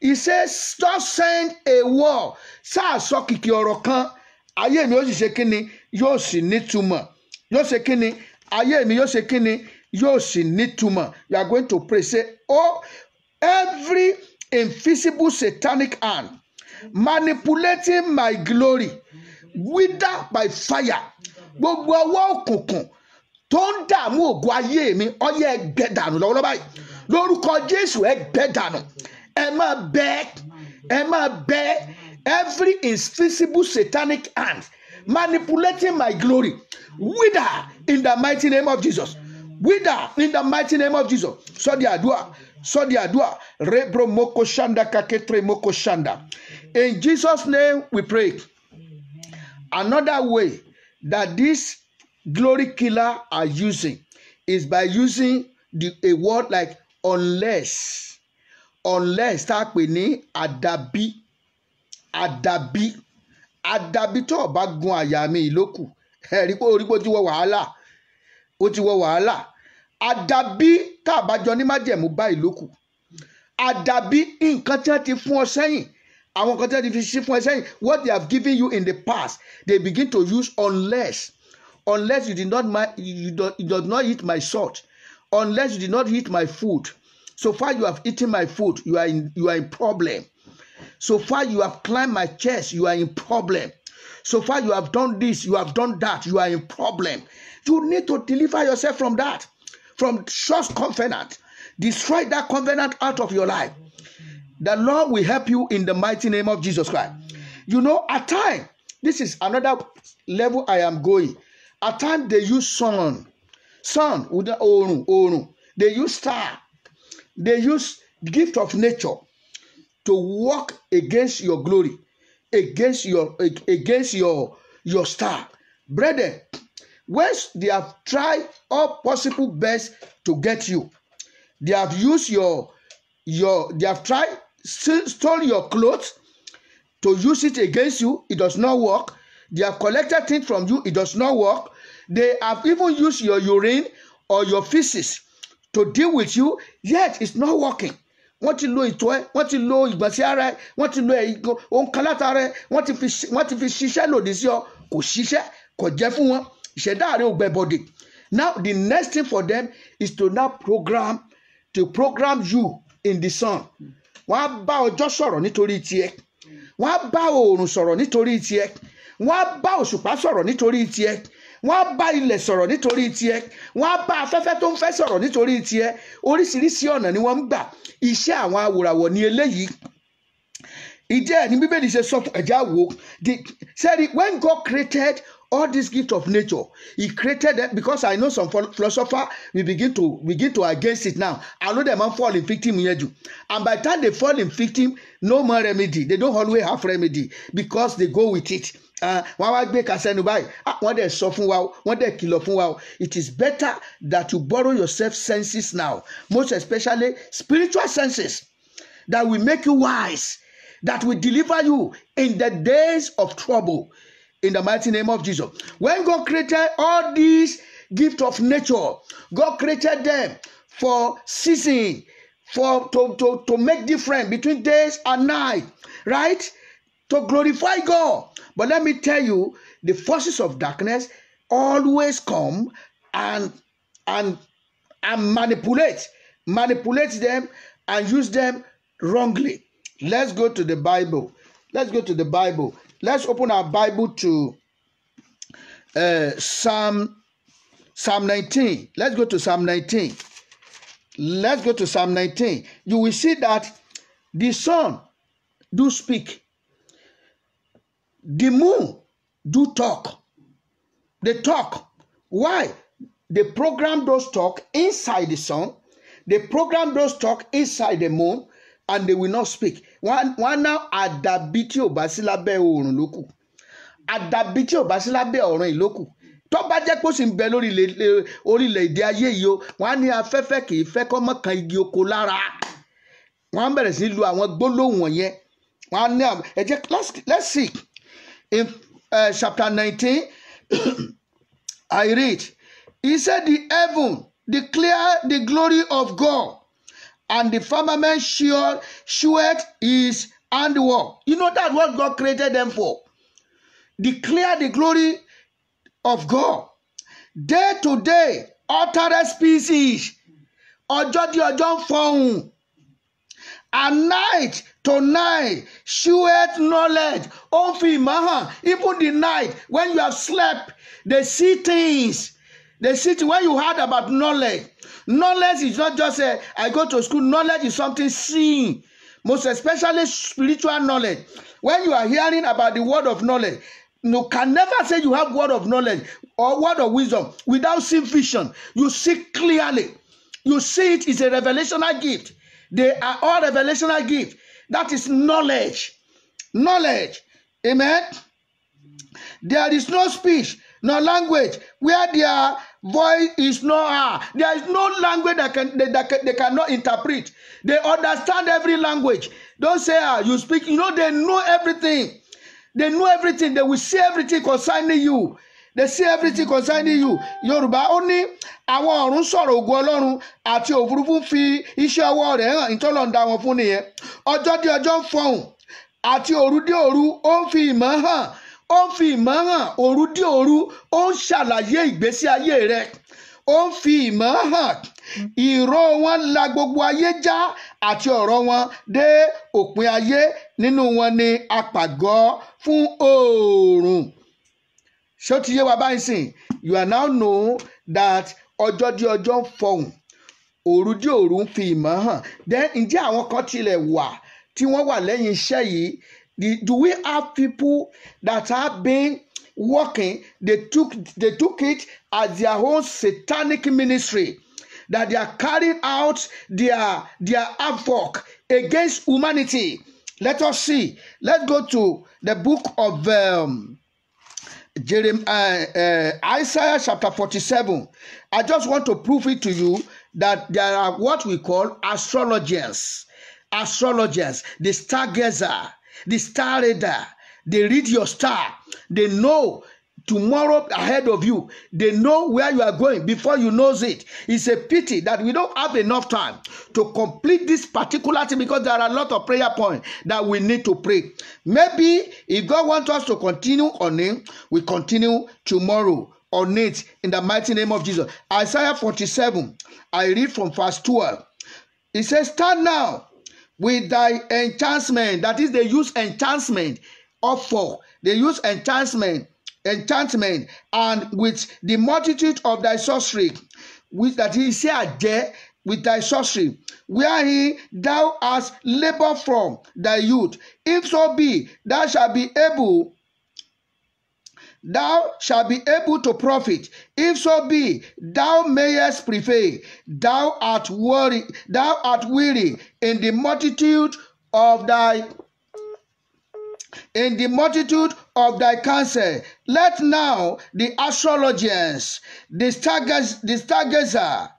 He says, "Stop send a word. Sáà sọ kìkì ọ̀rọ̀ kan, ayé mi yóò sì ṣe kínni, yóò sì nítumọ̀. Yóò ṣe kínni, ayé mi yóò ṣe kínni, yóò sì nítumọ̀. You are going to pray, say, oh, every invisible satanic hand manipulating my glory wither by fire gbogbo ọwọ́ òkùnkùn tó ń dààmú ògo ayé mi ọyẹ ẹgbẹ́ dànù lọ́wọ́lọ́wọ́ báyìí lórúkọ Jésù ẹgbẹ́ dànù ẹ máa bẹ ẹ máa bẹ every invisible satanic hand manipulating my glory wither in the mighty name of Jesus wither in the mighty name of Jesus sọ di àdúrà. So sọ di àdúrà rebro moko shanda kaketre moko shanda in jesus name we pray another way that this glory killer are using is by using the, a word like unless unless that we pè adabi adabi adabi to tó ayami bá gun ko ori ko ẹ rí pé orí ti wọ wàhálà ó ti wọ wàhálà àdàbí tá a bá jọ ní májẹ̀mú báyìí ló kù àdàbí nǹkan tí wọ́n ti fún ọ sẹ́yìn àwọn nǹkan tí wọ́n ti fi sí fún ọ sẹ́yìn what they have given you in the past they begin to use unless unless you did not my, you, do, you did not eat my salt unless you did not eat my food so far you have eaten my food you are in you are in problem so far you have climbed my chest you are in problem so far you have done this you have done that you are in problem you need to deliver yourself from that from trust covenant. Destroy that covenant out of your life. The Lord will help you in the mighty name of Jesus Christ. You know, at time, this is another level I am going. At time they use sun, sun with the orun, orun. They use star. They use gift of nature to walk against your glory, against your against your your star, brethren. which they have tried all possible best to get you. They have used your your they have tried stole your clothes to use it against you. It does not work. They have collected things from you. It does not work. They have even used your urine or your feces to deal with you. Yet it's not working. wọ́n ti lo ìtọ́ ẹ wọ́n ti lo ìgbọ̀nsẹ̀ ara ẹ wọ́n ti lo ohun kan látara ẹ wọ́n ti fi ṣiṣẹ́ lòdì sí ọ kò ṣiṣẹ́ kò jẹ́ fún wọn ìṣẹ̀dá àárẹ̀ ò gbẹ̀bọ̀dè now the next thing for them is to now program to program you in the sun wọ́n á bá ọjọ́ sọ̀rọ̀ nítorí tiẹ̀ wọ́n á bá oòrùn sọ̀rọ̀ nítorí tiẹ̀ wọ́n á bá òṣùpá sọ̀rọ̀ nítorí tiẹ̀ wọ́n á bá ilẹ̀ sọ̀rọ̀ nítorí tiẹ̀ wọ́n á bá afẹ́fẹ́ tó ń fẹ́ sọ̀rọ̀ nítorí tiẹ̀ oríṣiríṣi ọ̀nà ni wọ́n ń gbà iṣẹ́ àwọn awòràwọ̀ ni eléyìí ìdí ẹ̀ ní bíbélì ṣe sọ ẹ̀já wo the sẹ́ni when God created all this gift of nature he created them because i know some philosopher we begin to begin to against it now i know them man fall in victim yẹn and by the time they fall in victim no more remedy they don't always have remedy because they go with it ah, wọn wá gbé kasẹnu báyìí ah, wọn dẹ sọ fún wa o wọn dẹ kìlọ̀ fún wa o it is better that you borrow yourself senses now most especially spiritual senses that will make you wise that will deliver you in the days of trouble in the mighty name of Jesus. When God created all these gift of nature, God created them for season, for to, to, to make difference between days and night, right? To glorify God. But let me tell you, the forces of darkness always come and and and manipulate, manipulate them and use them wrongly. Let's go to the Bible. Let's go to the Bible. Let's open our Bible to uh, Psalm Psalm 19. Let's go to Psalm 19. Let's go to Psalm 19. You will see that the sun do speak, the moon do talk. They talk. Why? They program those talk inside the sun. They program those talk inside the moon and they will not speak wọ́n á ná àdàbí tí ò bá sí lábẹ́ oòrùn ló àdàbí tí ò bá sí lábẹ́ ọ̀run yìí ló bá jẹ́ pé ó sì ń bẹ lórílẹ̀‐èdè ayé yìí o wọ́n á ní afẹ́fẹ́ kì í fẹ́ kọ́ mọ́kàn igi oko lára wọ́n á bẹ̀rẹ̀ sí lu àwọn gbólóhùn wọ̀nyẹn wọ́n á ní àwọn ẹ jẹ́ let's see in uh, chapter nineteen I read he said the heaven declare the glory of God and the firmament shewed, is and handiwork. You know that what God created them for. Declare the glory of God. Day to day, uttered species. Ọjọ́ di ọjọ́ ń fọhùn. And night to night sheweth knowledge. o ń fi ìmọ̀ hàn. Even the night when you have slept, they see things. The city where you heard about knowledge. Knowledge is not just a, I go to school. Knowledge is something seen, most especially spiritual knowledge. When you are hearing about the word of knowledge, you can never say you have word of knowledge or word of wisdom without seeing vision. You see clearly. You see it is a revelational gift. They are all revelational gift. That is knowledge. Knowledge. Amen. There is no speech, no language where there voice is not her. There is no language that can they, that can, they cannot interpret. They understand every language. Don't say, ah, you speak. You know, they know everything. They know everything. They will see everything concerning you. They see everything concerning you. Yorùbá ó àwọn ọ̀run sọ̀rọ̀ ògo Ọlọ́run àti òfurufú fi iṣẹ́ ọwọ́ rẹ̀ hàn ìtọ́lọ̀ wọn fún nìyẹn. Ọjọ́ dé ọjọ́ ń fọhùn àti òru dé òru ó ń fi ìmọ̀ hàn ó ń fi ìmọ̀ hàn òru dí òru ó ń ṣàlàyé ìgbésí ayé rẹ ó ń fi ìmọ̀ hàn ìró wọn la gbogbo ayé já àti ọ̀rọ̀ wọn dé òpin ayé nínú wọn ni apàgọ́ fún oòrùn ṣó ti yé wa báyìí sìn you are now know that ọjọ́ di ọjọ́ ń fọhùn òru dí òru ń fi ìmọ̀ hàn then ǹjẹ́ àwọn kan tilẹ̀ wà tí wọ́n wà lẹ́yìn iṣẹ́ yìí do we have people that have been working? They took they took it as their own satanic ministry that they are carrying out their their havoc against humanity. Let us see. Let's go to the book of um, Jeremiah, uh, uh, Isaiah chapter 47. I just want to prove it to you that there are what we call astrologers. Astrologers, the stargazer, the star radar. They read your star. They know tomorrow ahead of you. They know where you are going before you knows it. It's a pity that we don't have enough time to complete this particular thing because there are a lot of prayer points that we need to pray. Maybe if God wants us to continue on it, we continue tomorrow on it in the mighty name of Jesus. Isaiah 47, I read from verse 12. It says, Stand now with thy enchantment that is they use enchantment offer they use enchantment enchantment and with the multitude of thy sorcery which that is say àjẹ́ with thy sorcery wherein thou hast labour from thy youth if so be thou shalt be able thou shalt be able to profit. If so be, thou mayest prevail. Thou art weary, thou art weary in the multitude of thy in the multitude of thy counsel. Let now the astrologians, the stargazer, the stargazer,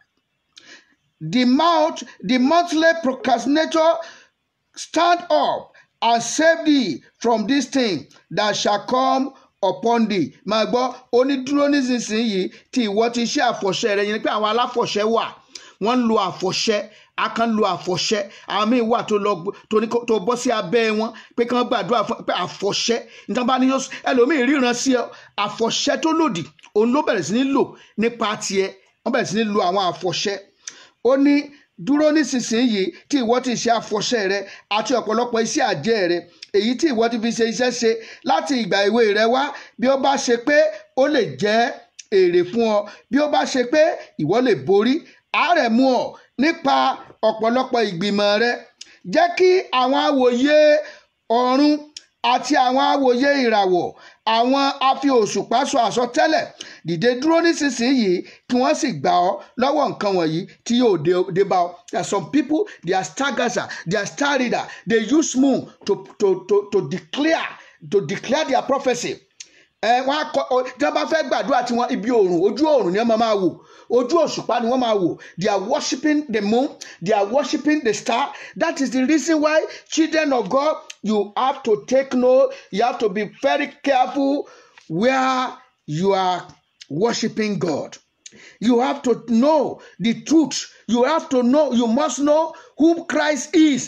the mouth, the monthly procrastinator, stand up and save thee from this thing that shall come upon thee máa gbọ́ ó ní tí ìwọ ti ṣe àfọ̀ṣẹ rẹ yẹn pé àwọn aláfọ̀ṣẹ wà wọ́n ń lo àfọ̀ṣẹ a kan lo àfọ̀ṣẹ àwọn míì wà tó lọ tó bọ́ sí abẹ́ wọn pé kí wọ́n gbàdúrà pé àfọ̀ṣẹ nítorí bá ní yóò ẹlòmíì ríran sí àfọ̀ṣẹ tó lòdì òun ló bẹ̀rẹ̀ sí ní lò nípa tiẹ̀ wọ́n bẹ̀rẹ̀ sí ní lo àwọn àfọ̀ṣẹ ó ní dúró nísinsìnyí tí ìwọ ti ṣe àfọ̀ṣẹ rẹ àti ọ̀pọ̀lọpọ̀ iṣẹ́ àjẹ́ rẹ èyí tí ìwọ ti fi ṣe iṣẹ́ ṣe láti ìgbà èwe rẹ wá bí ó bá ṣe pé ó lè jẹ́ èrè fún ọ bí ó bá ṣe pé ìwọ lè borí àárẹ̀ mú ọ nípa ọ̀pọ̀lọpọ̀ ìgbìmọ̀ rẹ jẹ́ kí àwọn awòye ọ̀run àti àwọn awòye ìràwọ̀ àwọn afi-òṣùpá sọ àsọtẹ́lẹ̀ dìde dúró nísinsìnyí kí wọ́n sì gbà ọ́ lọ́wọ́ nǹkan wọ̀nyí tí yóò dé bá ọ. there some people they are star gazer they are star leader. they use moon to to to to declare to declare their prophecy ẹ wọn akọ tí wọn gbàdúrà tí wọn ibi oòrùn ojú oòrùn ni wọn máa wò ojú òṣùpá ni wọn máa wò they are worshiping the moon they are worshiping the star that is the reason why children of God you have to take note you have to be very careful where you are worshiping God you have to know the truth you have to know you must know who Christ is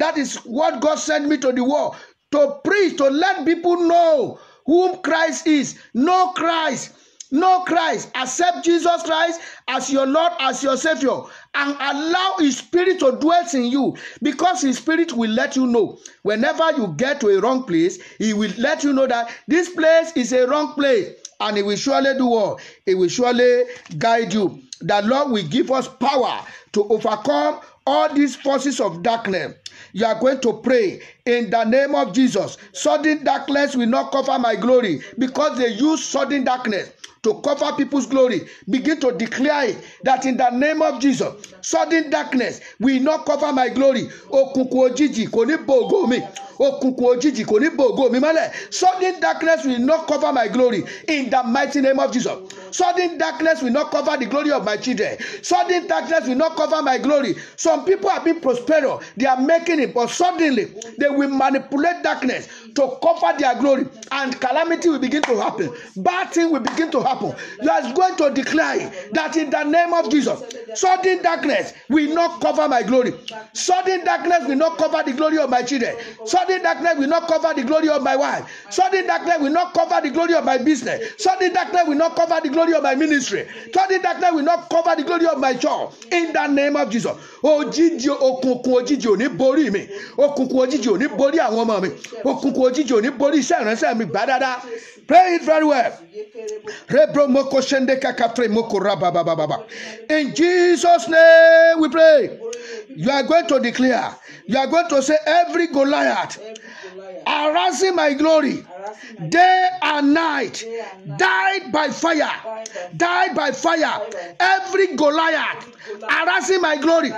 that is what God sent me to the world to preach to let people know whom Christ is. no Christ. no Christ. Accept Jesus Christ as your Lord, as your Savior, and allow His Spirit to dwell in you because His Spirit will let you know. Whenever you get to a wrong place, He will let you know that this place is a wrong place and he will surely do all. He will surely guide you. The Lord will give us power to overcome all these forces of darkness you are going to pray in the name of Jesus. Sudden darkness will not cover my glory because they use sudden darkness to cover people's glory. Begin to declare that in the name of Jesus, sudden darkness will not cover my glory. Òkùnkùn òjijì kò ní bo mi. Òkùnkùn òjijì kò ní bo mi mọ́lẹ̀. Sudden darkness will not cover my glory in the mighty name of Jesus. Sudden darkness will not cover the glory of my children. Sudden darkness will not cover my glory. Some people have been prosperous. They are making it, but suddenly they will manipulate darkness to cover their glory and calamity will begin to happen. Bad things will begin to happen happen. You are going to declare that in the name of Jesus, sudden darkness will not cover my glory. Sudden darkness will not cover the glory of my children. Sudden darkness will not cover the glory of my wife. Sudden darkness will not cover the glory of my business. Sudden darkness will not cover the glory of my ministry. Sudden darkness will not cover the glory of my child. In the name of Jesus. Òjijì òkùnkùn òjijì ò ní borí mi. Òkùnkùn òjijì ò ní borí àwọn ọmọ mi. Òkùnkùn òjijì ò ní borí iṣẹ́ ìránṣẹ́ mi gbá dáadáa. Pray it very well. In Jesus' name we pray. You are going to declare. You are going to say, every Goliath harassing my glory day and night, died by fire, died by fire. Every Goliath harassing my glory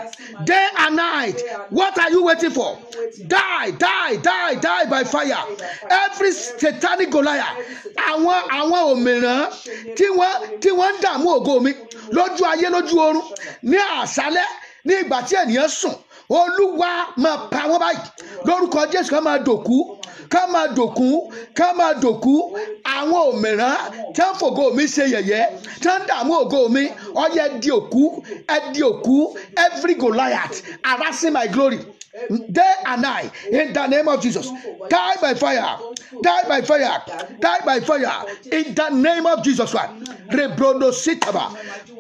day and night. What are you waiting for? Die, die, die, die by fire. Every satanic Goliath, àwọn àwọn òmìnira tí wọ́n tí wọ́n ń dààmú ògo mi lójú ayé lójú oorun ní àṣálẹ́ ní ìgbà tí ènìyàn sùn olúwa máa pa wọ́n báyìí lórúkọ jésù ká máa dòkú ká máa dòkú ká máa dòkú àwọn òmìrán tí wọ́n fògo mi ṣe yẹ̀yẹ́ tí wọ́n dààmú ògo mi ọyẹ di òkú ẹ di òkú every Goliath harassing my glory. Day and night, in the name of Jesus. Die by fire, die by fire, die by fire, in the name of Jesus Christ.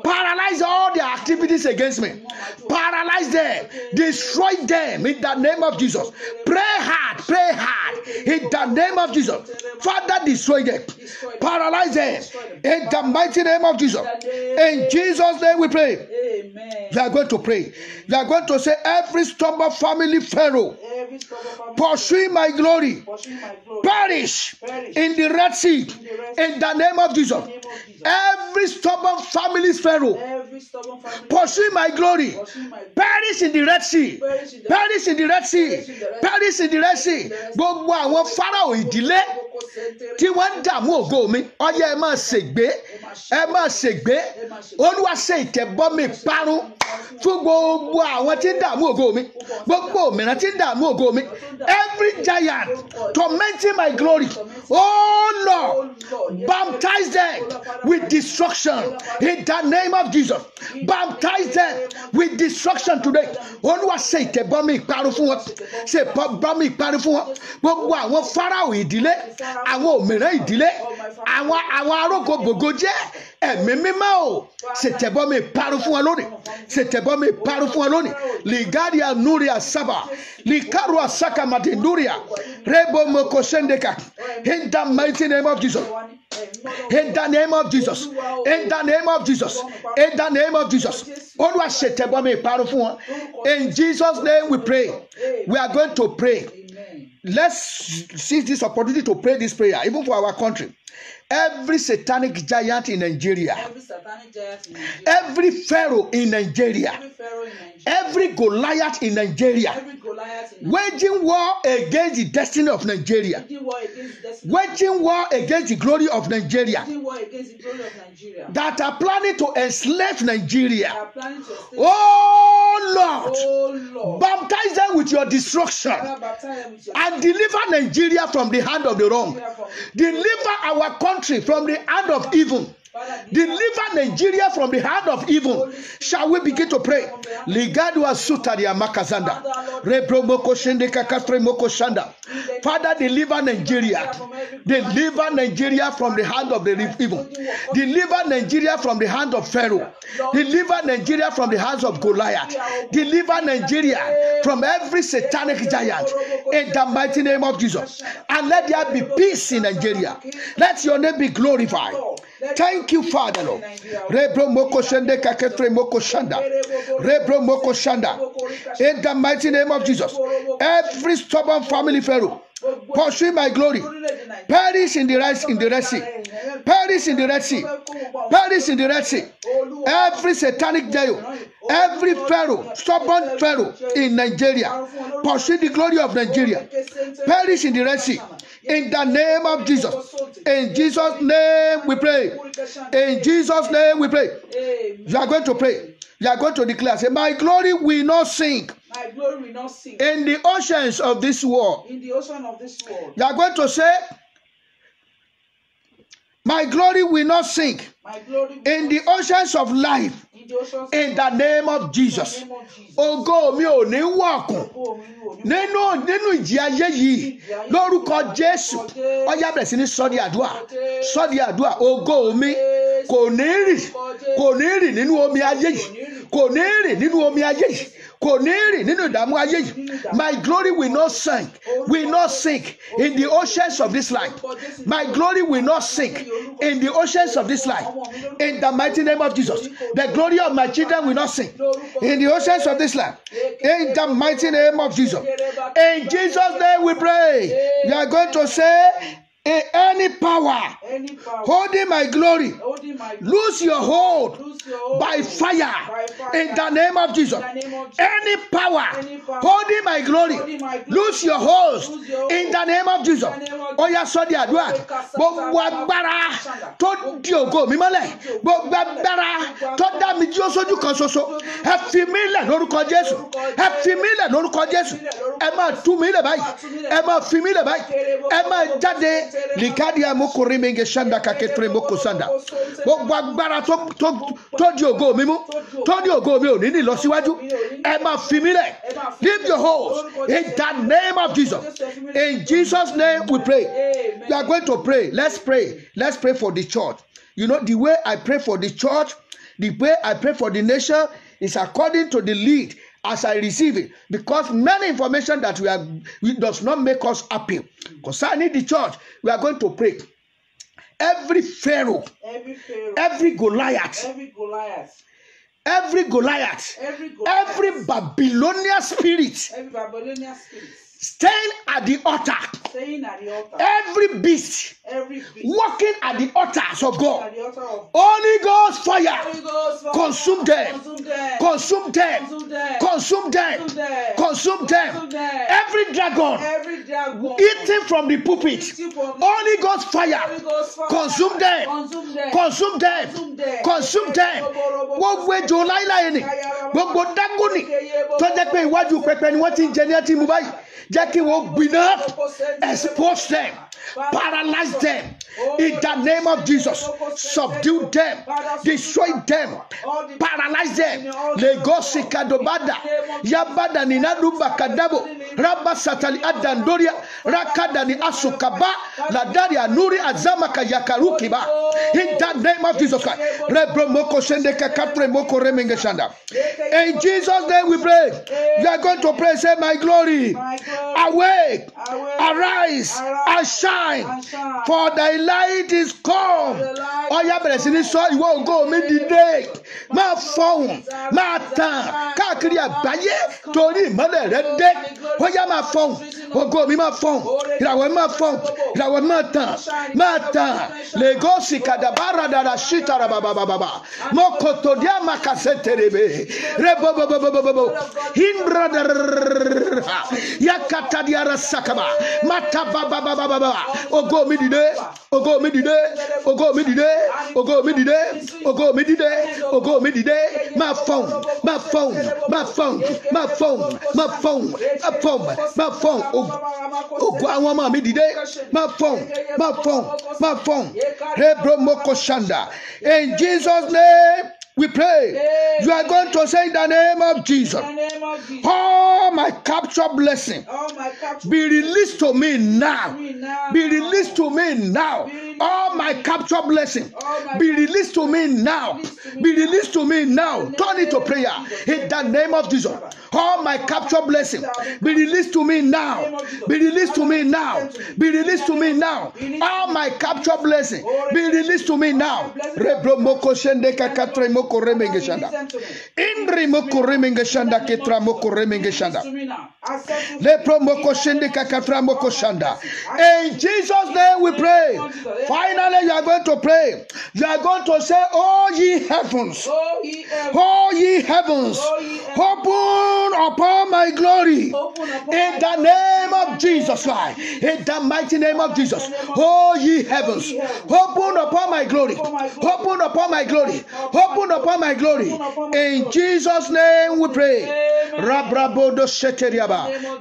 Paralyze all their activities against me. Paralyze them. Destroy them in the name of Jesus. Pray hard. Pray hard in the name of Jesus. Father, destroy them. Paralyze them in the mighty name of Jesus. In Jesus' name we pray. Amen. are going to pray. They are going to say, Every stubborn family pharaoh Pursue my glory. Perish in the Red Sea in the name of Jesus. Every stubborn family's Pharaoh. Pursue my glory. Perish in the Red Sea. Perish in the Red Sea. Perish in the Red Sea. Gbogbo àwọn Pharaoh ìdílé tí wọ́n ń dààmú ògo mi ọyẹ ẹ máa ṣègbé ẹ máa ṣègbé olúwa ṣe ìtẹ̀bọ́mi parun fún gbogbo àwọn tí ń dààmú ògo mi gbogbo òmìnira tí ń dààmú ògo ògo mi every giant tormenting my glory oh Lord baptize them with destruction in the name of Jesus baptize them with destruction today olúwa ṣe ìtẹ̀bọ́mi ìparun fún wọn ṣe ìtẹ̀bọ́mi ìparun fún wọn gbogbo àwọn farao ìdílé àwọn òmìrán ìdílé àwọn àwọn arógo gbogbo jẹ́ ẹ̀mí mímọ́ o ṣètẹ̀bọ́mi ìparun fún wọn lónìí ṣètẹ̀bọ́mi ìparun fún wọn lónìí lìgáàdì ànúrì àsábà lìkàr Marwa Saka Matinduria, Rebo Mokosendeka, in the mighty name of Jesus. In the name of Jesus. In the name of Jesus. In the name of Jesus. In Jesus' name we pray. We are going to pray. Let's seize this opportunity to pray this prayer, even for our country. Every satanic giant in Nigeria, every, pharaoh in Nigeria, every, Goliath in Nigeria, waging war against the destiny of Nigeria, waging war against the glory of Nigeria, that are planning to enslave Nigeria. Oh, oh Lord, baptize them with your destruction and deliver Nigeria from the hand of the wrong. Deliver our country country from the hand of evil. Deliver Nigeria from the hand of evil. Shall we begin to pray? Ligadua sutaria makazanda. Rebromoko shindeka kastre moko shanda. Father, deliver Nigeria. Deliver Nigeria from the hand of the evil. Deliver Nigeria from the hand of Pharaoh. Deliver Nigeria from the hands of Goliath. Deliver Nigeria from every satanic giant in the mighty name of Jesus. And let there be peace in Nigeria. Let your name be glorified. Thank you, Father, Lord. Rebro moko kaketre moko Rebro moko In the mighty name of Jesus. Every stubborn family pharaoh pursue my glory perish in the red in the red sea perish in the red sea perish in the red sea every satanic jail every pharaoh stubborn pharaoh in nigeria pursue the glory of nigeria perish in the red sea in the name of jesus in jesus name we pray in jesus name we pray you are going to pray you are going to declare say my glory will not sink My glory will not sink. In the oceans of this world. In the ocean of this world. You are going to say, my glory will not sink. My Will in the oceans of life. In the, oceans in the name of Jesus. Ògo mi ò ní wọ̀kùn. Nínú nínú ìjì ayé yìí lórúkọ Jésù. Ó yá bẹ̀rẹ̀ sí ní sọ́dí àdúrà. Sọ́dí àdúrà. Ògo mi kò ní rì. Kò ní rì nínú omi ayé yìí. Kò ní rì nínú omi ayé yìí kò ní rìn nínú ìdààmú ayé yìí my glory will not sink will not sink in the oceans of this life my glory will not sink in the oceans of this life in the mighty name of Jesus the glory of my children will not sink in the oceans of this life in the mighty name of Jesus in Jesus name we pray you are going to say any power, any power holding my glory, holding my lose your hold by fire in the name of Jesus. Any power holding my glory, lose your host in the name of Jesus. Oya yá sọ di àdúrà gbogbo agbára tó di ògo mi mọ́lẹ̀ gbogbo agbára tó dá mi dúró sójú kan ṣoṣo ẹ fi mí lẹ̀ lórúkọ Jésù ẹ fi mí lẹ̀ lórúkọ Jésù ẹ máa tú mi lẹ̀ báyìí ẹ máa fi mí lẹ̀ báyìí ẹ máa jáde lìkádìí amókùnrin mi sanda kàkẹ́tìrì mọ́kò sanda gbogbo agbára tó tó tó di ògo mi mú tó di ògo mi ò ní ní ìlọsíwájú ẹ máa fi mí lẹ̀ leave your house in the name of Jesus in Jesus name we pray we are going to pray let's pray let's pray for the church you know the way I pray for the church the way I pray for the nation is according to the lead as I receive it because many information that we are we does not make us happy concerning the church we are going to pray every pharaoh, every, pharaoh, every Goliath, every Goliath every Goliath, every, Goliath, every Babylonian spirit, every Babylonian spirit Staying at the altar. Staying at the altar. Every beast. Every beast. Walking at the altars of God. Altar of Holy Ghost fire. Holy Ghost fire. Consume them. Consume them. Consume them. Consume them. Every dragon. Every dragon. Eating from the pulpit. Only God's fire. Consume them. Consume them. Consume them. Gbogbo ejò láíláí ni. Gbogbo dágónì. Tó pé iwájú pẹpẹ ni wọ́n ti ń jẹ ní ẹtí mú báyìí jẹ́ kí wọ́n gbiná expose them Paralyze them in the name of Jesus. Subdue them. Destroy them. Paralyze them. Yabada ni naduba kadabo. Rabba satali adandoria. Rakada ni asukaba. Ladari anuri azama kayakaruki ba. In the name of Jesus Christ. Rebromoko sende kakatre moko remenge shanda. In Jesus name we pray. You are going to pray say my glory. Awake. Arise. And shine shine for thy light is come ọ̀yá bẹ̀rẹ̀ sí ní sọ ìwọ ògo mi dìde máa fọhùn máa tàn káàkiri àgbáyé torí ìmọ́lẹ̀ rẹ dé ọ̀yá máa fọhùn ògo mi máa fọhùn ìràwọ̀ mi máa fọhùn ìràwọ̀ mi máa tàn máa tàn lẹ́gọ́sì kàdàbàrà dàrà ṣìtàrà bàbàbàbà mọ́kòtò díẹ̀ máa kàṣẹ́ tèrèbè rẹ bọ́bọ́bọ́bọ́bọ́ hindra dàrà yakata diara sakaba mata bàbàbàbàbà ogo, mi dìde ogo, mi dìde ogo, mi dìde ogo, mi dìde ogo, mi dìde ogo, mi dìde máa fọ̀n máa fọ̀n máa fọ̀n máa fọ̀n máa fọ̀n máa fọ̀n máa fọ̀n ogo, àwọn ọmọ mi dìde máa fọ̀n máa fọ̀n máa fọ̀n hebron mokosanda in Jesus name. We pray. Amen. You are going to say in the name of Jesus. Name of Jesus. Oh, my capture blessing. Oh, my capture be released to me now. now. Be released to me now. Be all my capture blessing be released to me now. Be released to me now. Turn it to prayer in the name of Jesus. All my capture blessing be released to me now. Oh, be released to me now. Be released to me now. All my capture blessing be released to me now. Indri moko remenge shanda ketra moko remenge shanda. Lepro moko shende kakatra moko shanda. In Jesus' name we pray. Finally, you are going to pray. You are going to say, Oh ye heavens, oh ye heavens, oh, ye heavens. Oh, ye heavens. open upon my glory upon in the name of Jesus Christ. In the mighty name of Jesus. Oh ye heavens, open upon my glory. Open upon my glory. Open upon my glory. In Jesus' name we pray.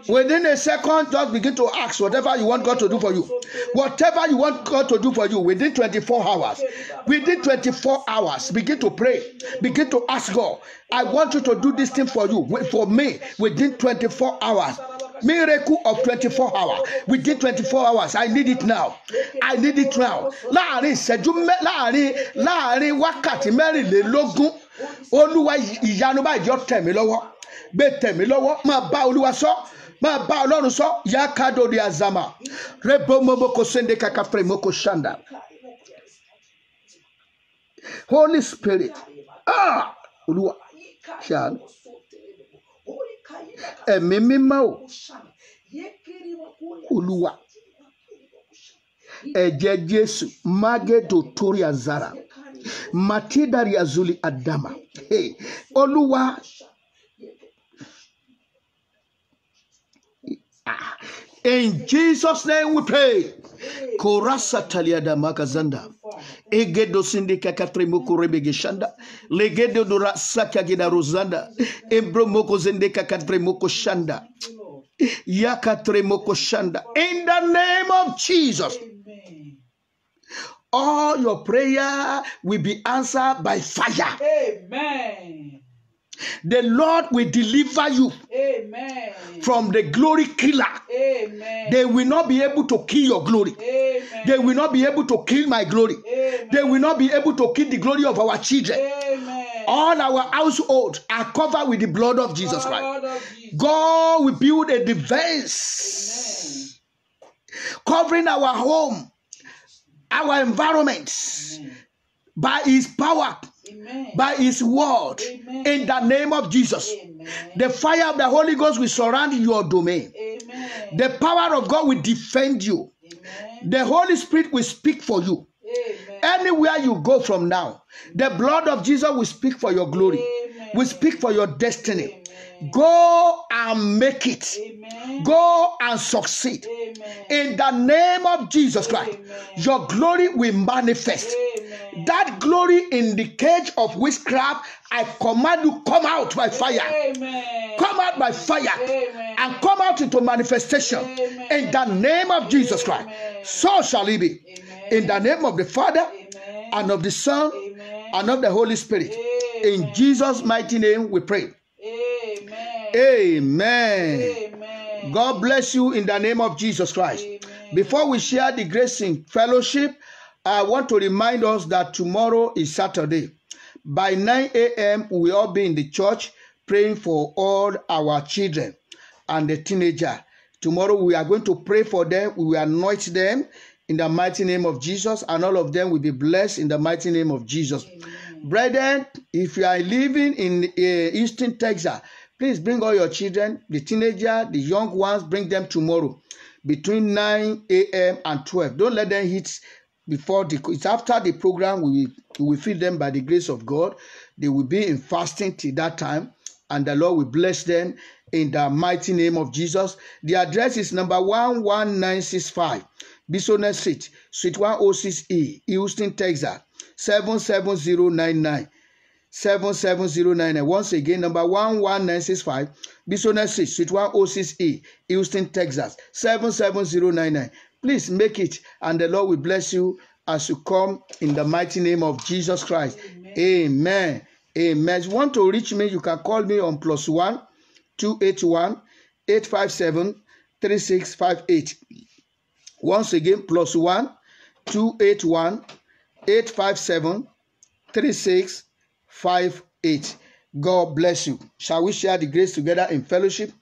Within a second, just begin to ask whatever you want God to do for you. Whatever you want God to do for for you within 24 hours. Within 24 hours, begin to pray. Begin to ask God, I want you to do this thing for you, for me, within 24 hours miracle of 24 hours within 24 hours i need it now i need it now láàrin ìṣẹ́jú láàrin láàrin wákàtí mẹ́rìnlélógún olúwa ìyanu báyìí yọ tẹ̀mí lọ́wọ́ gbé tẹ̀mí lọ́wọ́ máa bá olúwa sọ. So máa bá ọlọ́run sọ yá kádòdì azama. rẹ bó mọ́mọ́kọ sẹ́ndé kàkà fẹ́ mọ́kọ ṣàǹdà. Holy Spirit ah olúwa ṣàánú ẹ̀mí mímọ́ o olúwa ẹ̀jẹ̀ Jésù mágẹ́dò torí àzàrà màtídàrí adama, àdàmà olúwa In Jesus' name we pray. Korasa taliada makazanda. Egedo sindika katre moko rebege shanda. Legedo dora saka gida rozanda. Embro moko zendeka katri moko shanda. Yakatre moko shanda. In the name of Jesus. All your prayer will be answered by fire. Amen. The Lord will deliver you Amen. from the glory killer. Amen. They will not be able to kill your glory. Amen. They will not be able to kill my glory. They will not be able to kill the glory of our children. All our households are covered with the blood of Jesus blood Christ. Of Jesus. God will build a defense covering our home, our environments by his power by his word Amen. in the name of Jesus. Amen. The fire of the Holy Ghost will surround your domain. The power of God will defend you. The Holy Spirit will speak for you. Anywhere you go from now, the blood of Jesus will speak for your glory, will speak for your destiny. Go and make it. Amen. Go and succeed. Amen. In the name of Jesus Christ, Amen. your glory will manifest. That glory in the cage of witchcraft, I command you come out by fire. Amen. Come out by fire Amen. and come out into manifestation Amen. in the name of Jesus Christ. So shall it be. In the name of the Father and of the Son and of the Holy Spirit. In Jesus' mighty name we pray. Amen. God bless you in the name of Jesus Christ. Before we share the grace in fellowship, I want to remind us that tomorrow is Saturday. By 9 a.m., we all be in the church praying for all our children and the teenager. Tomorrow, we are going to pray for them. We will anoint them in the mighty name of Jesus, and all of them will be blessed in the mighty name of Jesus. Amen. Brethren, if you are living in uh, Texas, please bring all your children, the teenager, the young ones, bring them tomorrow between 9 a.m. and 12. Don't let them hit before the it's after the program we will, we will feed them by the grace of God. They will be in fasting till that time, and the Lord will bless them in the mighty name of Jesus. The address is number one one nine six five, Bisonet Street, Suite one oh six E, Houston, Texas seven seven zero nine nine. 77099. Once again, number 11965, Bisonet Street, Suite 106E, Houston, Texas, 77099. Please make it, and the Lord will bless you as you come in the mighty name of Jesus Christ. Amen. Amen. Amen. If you want to reach me, you can call me on plus one two eight one eight five seven three six five eight. Once again, plus one two eight one eight five seven three six five eight. God bless you. Shall we share the grace together in fellowship?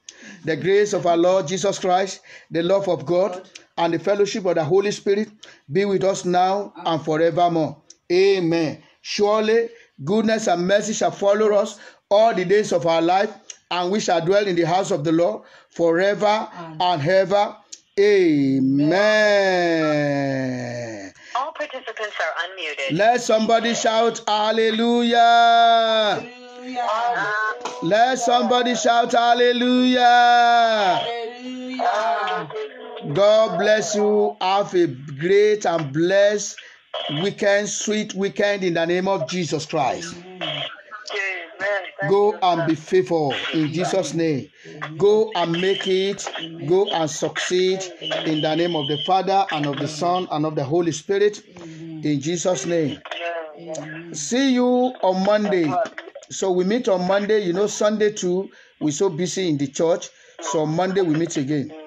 The grace of our Lord Jesus Christ, the love of God. God and the fellowship of the Holy Spirit be with us now and forevermore. Amen. Surely goodness and mercy shall follow us all the days of our life, and we shall dwell in the house of the Lord forever and ever. Amen. All participants are unmuted. Let somebody shout hallelujah. hallelujah. Let somebody shout hallelujah. hallelujah. God bless you. Have a great and blessed weekend, sweet weekend in the name of Jesus Christ. Go and be faithful in Jesus' name. Go and make it. Go and succeed in the name of the Father and of the Son and of the Holy Spirit in Jesus' name. See you on Monday. So we meet on Monday. You know, Sunday too, we're so busy in the church. So Monday we meet again.